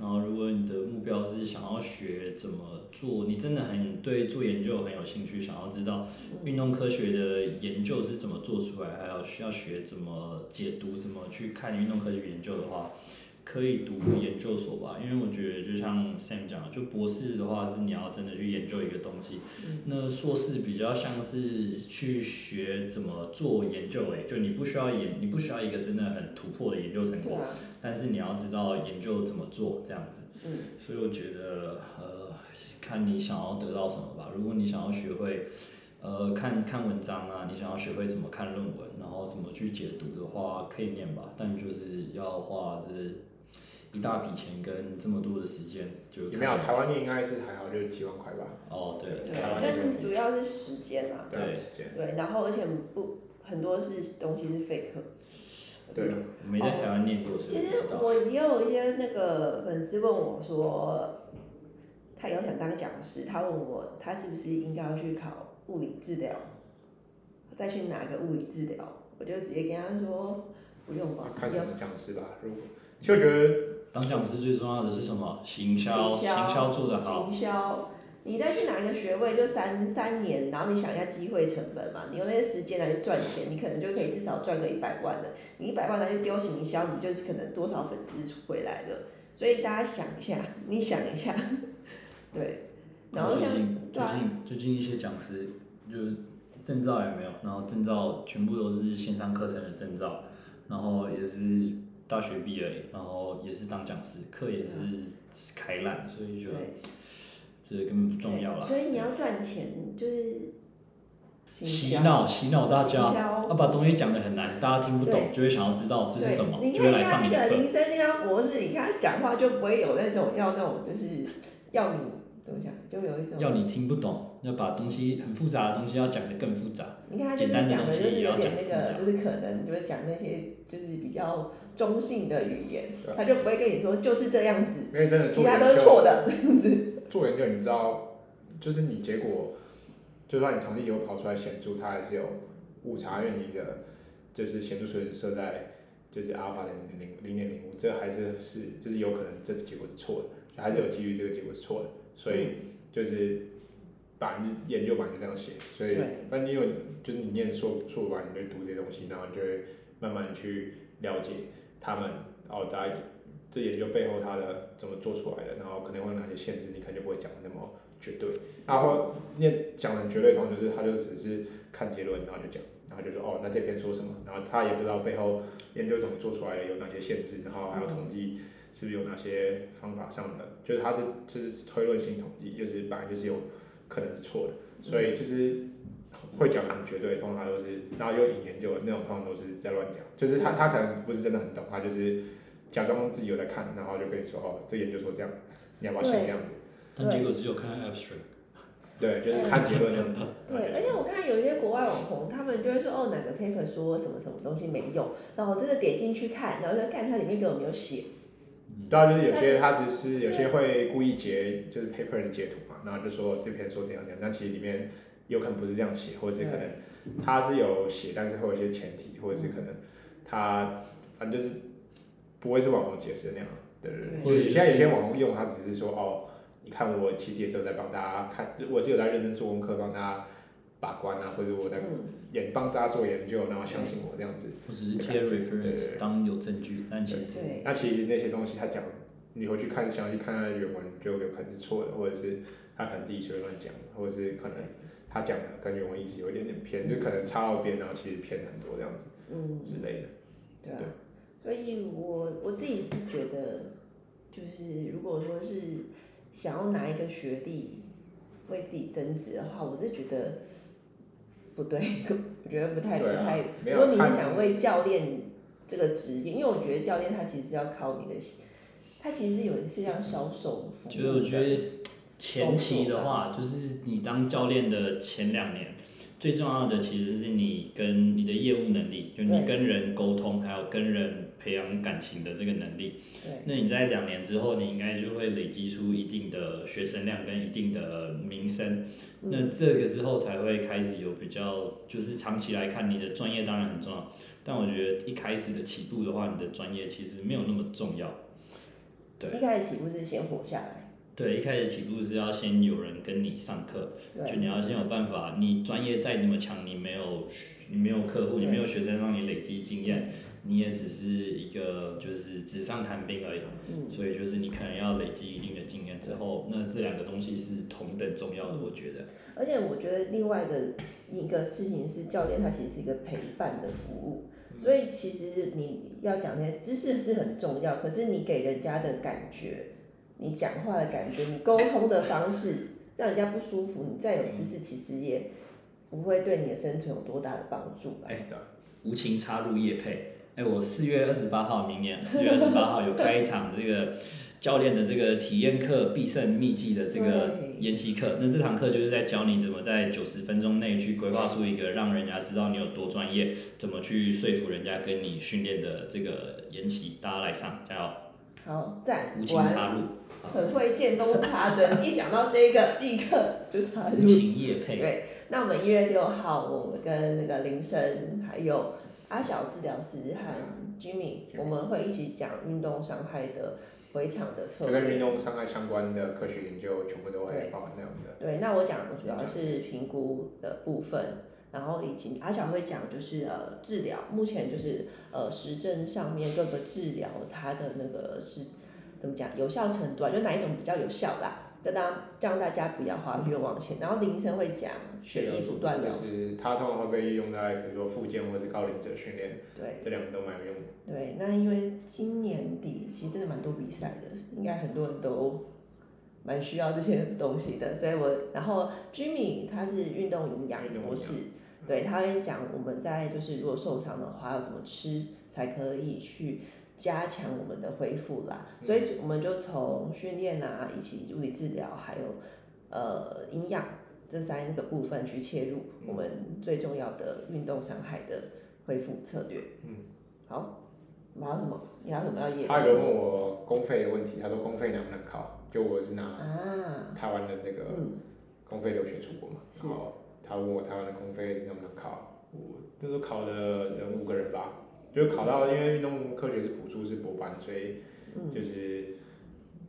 然後，如果你的目標是想要學怎麼做，你真的很對做研究很有興趣，想要知道運動科學的研究是怎麼做出來，還有需要學怎麼解讀、怎麼去看運動科學研究的話。可以讀研究所吧，因為我覺得就像 Sam 講的，就博士的話是你要真的去研究一個東西，嗯、那碩士比較像是去學怎麼做研究，欸，哎，就你不需要研，你不需要一個真的很突破的研究成果，嗯、但是你要知道研究怎麼做這樣子。嗯、所以我覺得，呃，看你想要得到什麼吧。如果你想要學會，呃，看看文章啊，你想要學會怎麼看論文，然後怎麼去解讀的話，可以念吧，但就是要畫這。一大筆錢跟這麼多的時間，就沒有台灣念應
該是還好，就幾萬塊吧。哦，對，台灣主要是時間嘛，對時間，
對，然後而且不很多是東西是 fake。對，
沒在台灣念多，其實我
也有一些那個粉絲問我說，他有想當講師，他問我他是不是應該要去考物理治療，再去拿個物理治療，我就直接跟他說不用吧，看什麼講
師吧，如果我覺得。當講師最重要的是什麼？行銷，行銷做得好。行
銷，你再去拿一個學位就三三年，然後你想一下機會成本嘛，你用那些時間來賺錢，你可能就可以至少賺個一百萬了。你一百萬拿去丟行銷，你就可能多少粉絲回來了。所以大家想一下，你想一下，對。
然後，
像像，然後最近、
嗯、最近最近一些講師，就是證照也沒有，然後證照全部都是線上課程的證照，然後也是。大學畢業，然後也是當講師，課也是開爛，所以就覺得對這根本不重要了。所以你
要賺錢，對就是
洗腦，洗腦大家，他銷、啊、把東西講得很難，大家聽不懂，對就會想要知道這是什麼，對就會來上一你的課。林
森雕博士，你看他講話就不會有那種要那種，就是要你。就有一種要你
聽不懂，要把東西很複雜的東西要講得更複雜。你看他簡單的東西，也要講那個，不是就
是可能就是講那些就是比較中性的語言，對他就不會跟你說就是這樣子。沒有，真的，其他都是錯的，是不
是？做研究你知道，就是你結果，就算你統計以後跑出來顯著，它還是有誤差，因為你的，就是顯著水平設在就是阿爾法零0零零點零五，這還是是就是有可能這個結果是錯的，還是有幾率這個結果是錯的。嗯所以就是把你研究完就這樣寫，所以那對你有，就是你念碩碩完你就讀這些東西，然後你就會慢慢去了解他們，哦，大家這研究背後它的怎麼做出來的，然後可能會有哪些限制，你肯定不會講那麼絕對。然後念講的絕對可能就是他就只是看結論，然後就講，然後就說哦，那這篇說什麼，然後他也不知道背後研究怎麼做出來的有哪些限制，然後還要統計。嗯是不是有那些方法上的？就是他的，就是推論性統計，就是本來就是有可能是錯的，所以就是會講很絕對，通常他都是，然後又引研究的那種通常都是在亂講，就是他他可能不是真的很懂，他就是假裝自己有在看，然後就跟你說哦，這研究說這樣，你要不要寫這樣子？但結果只有看 abstract，對，就是看結論這樣子。對，對，
而且我看有一些國外網紅，他們就會說哦，哪個 paper 說什麼什麼東西沒用，然後真的點進去看，然後再看它裡面給有沒有寫。嗯、對、啊、就是有些
他只是有些會故意截就是 paper 的截圖嘛，然後就說這篇說怎樣怎樣，但其實裡面有可能不是這樣寫，或者是可能他是有寫，但是會有一些前提，或者是可能他反正就是不會是網紅解釋的那樣的人。對對對現在有些網紅用他只是說哦，你看我其實也是在幫大家看，我是有在認真做功課幫大家把關啊，或者我在演，幫大家做研究，然後相信我這樣子。我、嗯、當有證據。但其實，那其實那些東西，他講，你回去看詳細看他的原文，就有可能是錯的，或者是他可能自己隨便亂講，或者是可能他講的跟原文意思有一點點偏，嗯、就可能差到邊，然後其實偏很多這樣子，嗯、之類的。
對啊，對所以我我自己是覺得，就是如果說是想要拿一個學歷為自己增值的話，我是覺得。不對，我覺得不太對、啊、不太。有如果你是想為教練這個職業，因為我覺得教練他其實要靠你的，他其實有些像銷售。就是我覺
得前期的話，就是你當教練的前兩，對前兩年，最重要的其實是你跟你的業務能力，就你跟人溝通，對還有跟人培養感情的這個能力。對那你在兩年之後，你應該就會累積出一定的學生量跟一定的名聲。那這個之後才會開始有比較，就是長期來看，你的專業當然很重要，但我覺得一開始的起步的話，你的專業其實沒有那麼重要。
對，一開始起步是先活下
來。對，一開始起步是要先有人跟你上課，對就你要先有辦法。你專業再怎麼強，你沒有你沒有客戶，對你沒有學生讓你累積經驗。你也只是一個就是紙上談兵而已，嗯、所以就是你可能要累積一定的經驗之後，那這兩個東西是同等重要的，我覺得。
而且我覺得另外一個一個事情是，教練他其實是一個陪伴的服務，嗯、所以其實你要講，那些知識是很重要，可是你給人家的感覺，你講話的感覺，你溝通的方式，讓人家不舒服，你再有知識，其實也不會對你的生存有多大的幫助吧。哎，
無情插入業配。誒，我四月二十八號，明年四月二十八號有開一場這個教練的這個體驗課，必勝秘籍的這個研習課。對那這堂課就是在教你怎麼在九十分鐘內去規劃出一個讓人家知道你有多專業，怎麼去說服人家跟你訓練的這個研習，大家來上，加油！
好，讚，完。無情插入，很會見刀插針， 一講到這個立刻就插入。無情業配。對，那我們一月六號，我們跟那個林生還有。阿小治療師和 Jimmy，嗯、我們會一起講運動傷害的恢復的策略，跟運動
傷害相關的科學研究，全部都
會包含在我們的對。對，那我講的主要是評估的部分，然後以及阿小會講就是呃治療，目前就是呃實證上面各個治療它的那個是怎麼講有效程度啊，就哪一種比較有效啦，等等，讓大家不要花冤枉錢。然後林醫生會講。是一組
鍛鍊，就是它通常會被用在比如說復健，或是高齡者訓練，對，這兩個都蠻有用的。
對，那因為今年底其實真的蠻多比賽的，應該很多人都蠻需要這些東西的，所以我，然後 Jimmy 他是運動營養博士，對，他會講我們在就是如果受傷的話要怎麼吃才可以去加強我們的恢復啦。嗯、所以我們就從訓練啊，以及物理治療，還有呃營養，這三個部分去切入我們最重要的運動傷害的恢復策略。嗯，好，你要什麼？你要什麼要演？他有問我
公費的問題，他說公費能不能考？就我是拿台灣的那個公費留學出國嘛，然後他問我台灣的公費能不能考？我那時考的人五個人吧，就考到、嗯、因為運動科學是補助是博班，所以就是、嗯、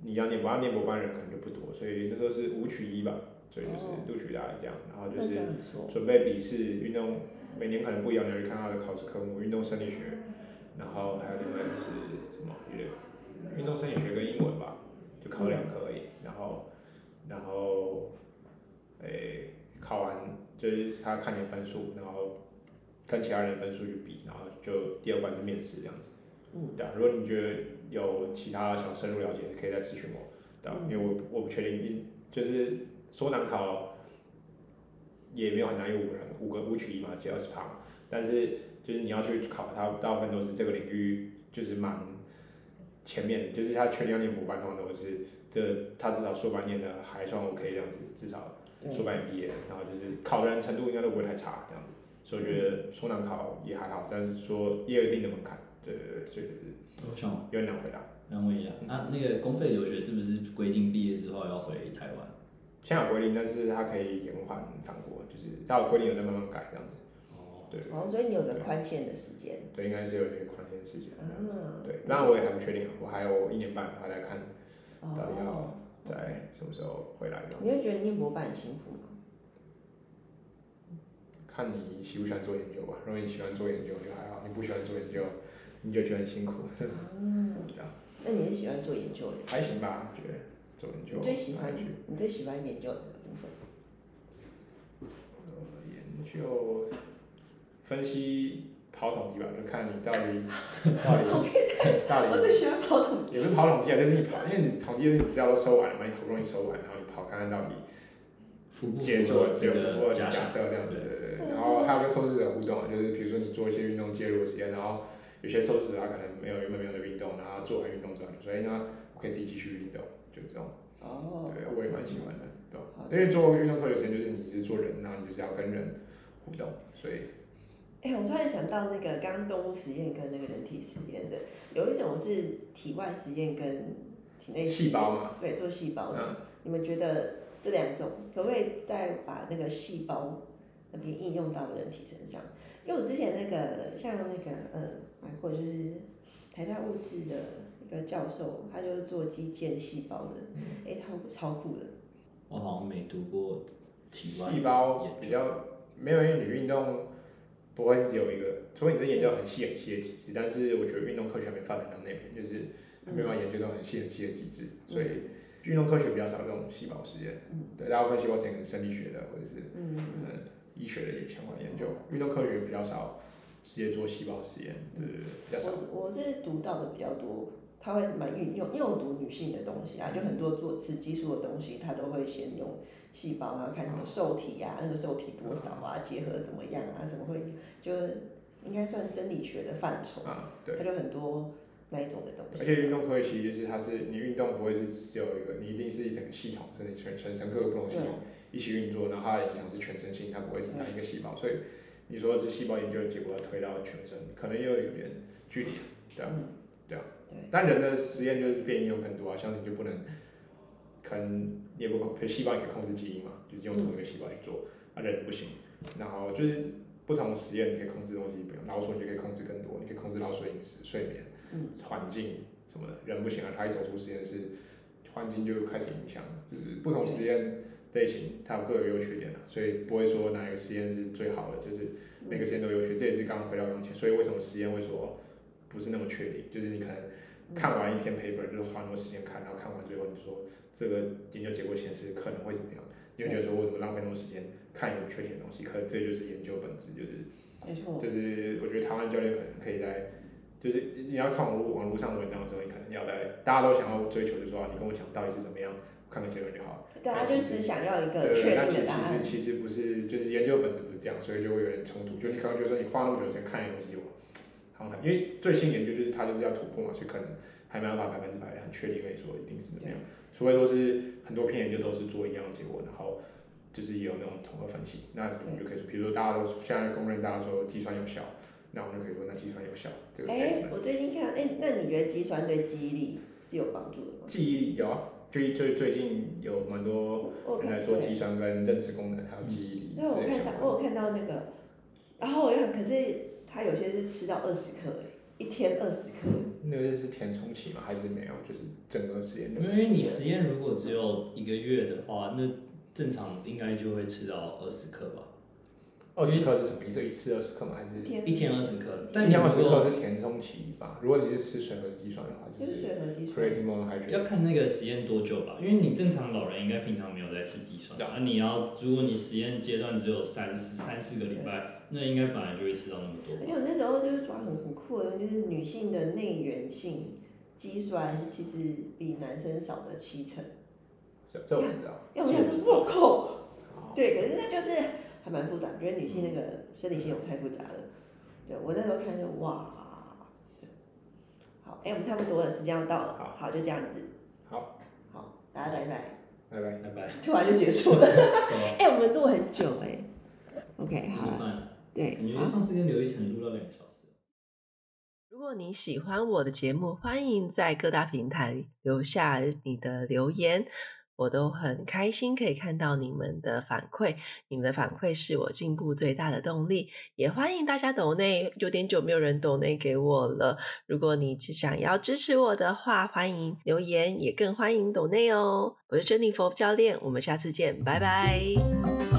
你要念不要念博班的人可能就不多，所以那時候是五取一吧。所以就是錄取大概，這樣，然後就是準備筆試運動，每年可能不一樣的，你要去看他的考試科目，運動生理學，然後還有另外就是什麼，運動運動生理學跟英文吧，就考兩科而已，然後，然後，誒、欸，考完就是他看你分數，然後跟其他人分數去比，然後就第二關就是面試這樣子。嗯、對，如果你覺得有其他想深入了解，可以再諮詢我。對，嗯、因為我我不確定，就是。說難考也沒有很難，有五人五個五取一嘛，只有二十趴。但是就是你要去考，它大部分都是這個領域，就是蠻前面，就是它全兩年博班的話，都是這它、個、至少說半年的還算 OK 這樣子，至少說半年畢業，對然後就是考的人程度應該都不會太差這樣子。所以我覺得說難考也還好，但是說也有一定的門檻，對對對，這個、就是。好想，有人回答。讓我問一下，那、啊、那個公費留學是不是規定畢業之後要回台灣？現有規定，但是它可以延緩放過，就是到規定有在慢慢改這樣
子。哦。對。哦，所以你有個寬
限的時間。對，應該是有一個寬限的時間這樣子。對。那我也還不確定，我還有一年半，還在看，
到底要在什麼時
候回來。你會覺得你
博班很辛苦嗎？
看你喜不喜歡做研究吧，如果你喜歡做研究，就還好；你不喜歡做研究，你就覺得很辛苦。哦。那你是喜歡做研究的？還行吧，我覺得。你最喜歡？你最喜歡研究分？研究、分析、跑統計吧，就看你到底到底 到底。我最喜歡跑統計。也是跑統計啊， 就是你跑， 因為你統計就是你資料都收完了嘛，好不容易收完，然後你跑，看看到底。接受這你假設這樣子， 對對對。然後還有跟受試者互動，就是比如說你做一些運動介入的實驗，然後有些受試者他、啊、可能沒有原本沒有的運動，然後做完運動之後就說：“哎，那我可以自己繼續運動。”就這種哦，對，我也蠻喜歡的，嗯、對吧？因為做運動科學研究就是你就是做人吶、啊，你就是要跟人互動，
所以，哎、欸，我突然想到那個剛剛動物實驗跟那個人體實驗的，有一種是體外實驗跟體內細胞嘛，對，做細胞的，啊、你們覺得這兩種可不可以再把那個細胞那邊應用到人體身上？因為我之前那個像那個呃，買、嗯、過就是台大物質的。一個教授，他就是做肌腱細胞的，哎、嗯、欸，他超酷的。我、哦、好像沒讀過
體外細胞，比較沒有，因為你運動不會是只有一個，除非你的研究很細很細的機制，但是我覺得運動科學還沒發展到那邊，就是沒辦法研究到很細很細的機制，嗯、所以運動科學比較少這種細胞實驗，嗯、對，大部分是做一些生理學的或者是嗯可能醫學的相關研究，
運、嗯、動科學比較少直接做細胞實驗，對對對，嗯、比較少。我這是讀到的比較多。它會蠻運用，因為我讀女性的東西啊，就很多做雌激素的東西，它都會先用細胞啊，看什麼受體啊，嗯、那個受體多少啊，嗯、結合怎麼樣啊，什麼會，就應該算生理學的範疇。啊，對。它就很多那一種的東西、啊。而且
運動科學其實就是它是，你運動不會是只有一個，你一定是一整個系統，身體全全身各個不同系統一起運作，對然後它的影響是全身性，它不會是單一個細胞。對所以你說這細胞研究的結果要推到了全身，可能又有點距離，嗯、對啊，對啊。但人的實驗就是變異有很多啊，像你就不能，可能你也不控，就細胞你可以控制基因嘛，就用同一個細胞去做，那、嗯啊、人不行。然後就是不同的實驗可以控制東西不一樣，老鼠你就可以控制更多，你可以控制老鼠的飲食、睡眠、環、嗯、境什麼的，人不行啊，它一走出實驗室，環境就開始影響。就是不同的實驗類型、嗯、它有各有有優缺點的、啊，所以不會說哪一個實驗是最好的，就是每個實驗都有優缺，嗯、這也是剛回到剛前。所以為什麼實驗會說。不是那麼確定，就是你可能看完一篇 paper，、嗯、就是花很多時間看，然後看完最後你就說這個研究結果顯示可能會怎麼樣，嗯、你會覺得說我怎麼浪費那麼多時間看一個不確定的東西？可這就是研究本質，就是沒錯錯，就是我覺得台灣教練可能可以在，就是你要看網網絡上的文章的時候，你可能要在大家都想要追求就說、啊、你跟我講到底是怎麼樣，看個結論就好，對他、
啊、就只想要一個確定的答案。那對對對其實其實
其實不是，就是研究本質不是這樣，所以就會有點衝突。就你可能覺得說你花那麼久時間看一個東西就。因為最新研究就是它就是要突破嘛，所以可能還沒有辦法百分之百很確定，可以說一定是怎麼樣。除非說是很多篇研究都是做一樣的結果，然後就是也有那種統合分析，那我們就可以說，比如說大家都現在公認，大家說計算有效，那我們就可以問那計算有效這個哎、欸，我最
近看，
哎、欸，那你覺得計算對記憶力是有幫助的嗎？記憶力有啊，最最最近有蠻多人在做計算跟認知功能還有記憶力，嗯、這些對我看
到我有看到那個，然後我又很可是。他有些是吃到二
十克、欸、一天二十克。那個是填充期嗎？還是沒有？就是整個實驗。因為你實驗如果只有一個月
的話，那正常應該就會吃到二十克吧。二十克是什麼意思？一次二十克嗎？還是一天二十克？一天二十克是填充期吧？如果你是吃水合肌酸的話，就是就要看那個實驗多久吧。因為你正常老人應該平常沒有在吃肌酸，那對你要如果你實驗階段只有三四三四個禮拜，對那應該本來就會吃到那麼多。哎，我那時
候就是抓很不酷的，就是女性的內源性肌酸其實比男生少了七成。這我知道。要我講是我麼酷？是是對，可是那就是。還蠻複雜，覺得女性那個生理系統太複雜了。對、嗯、我那時候看就哇，好，哎、欸，我們差不多了，時間要到了，好,好，就這樣子，好，好，大家拜拜，拜拜拜拜，突然就,就結束了，哎麼、欸，我們錄很久哎、欸、，OK，了好啦，對，因為上次跟劉一晨錄了兩個小時。啊、如果你喜歡我的節目，歡迎在各大平台留下你的留言。我都很開心可以看到你們的反饋，你們的反饋是我進步最大的動力。也歡迎大家抖內，有點久沒有人抖內給我了，如果你只想要支持我的話，歡迎留言，也更歡迎抖內哦。我是珍妮佛教練，我們下次見，拜拜。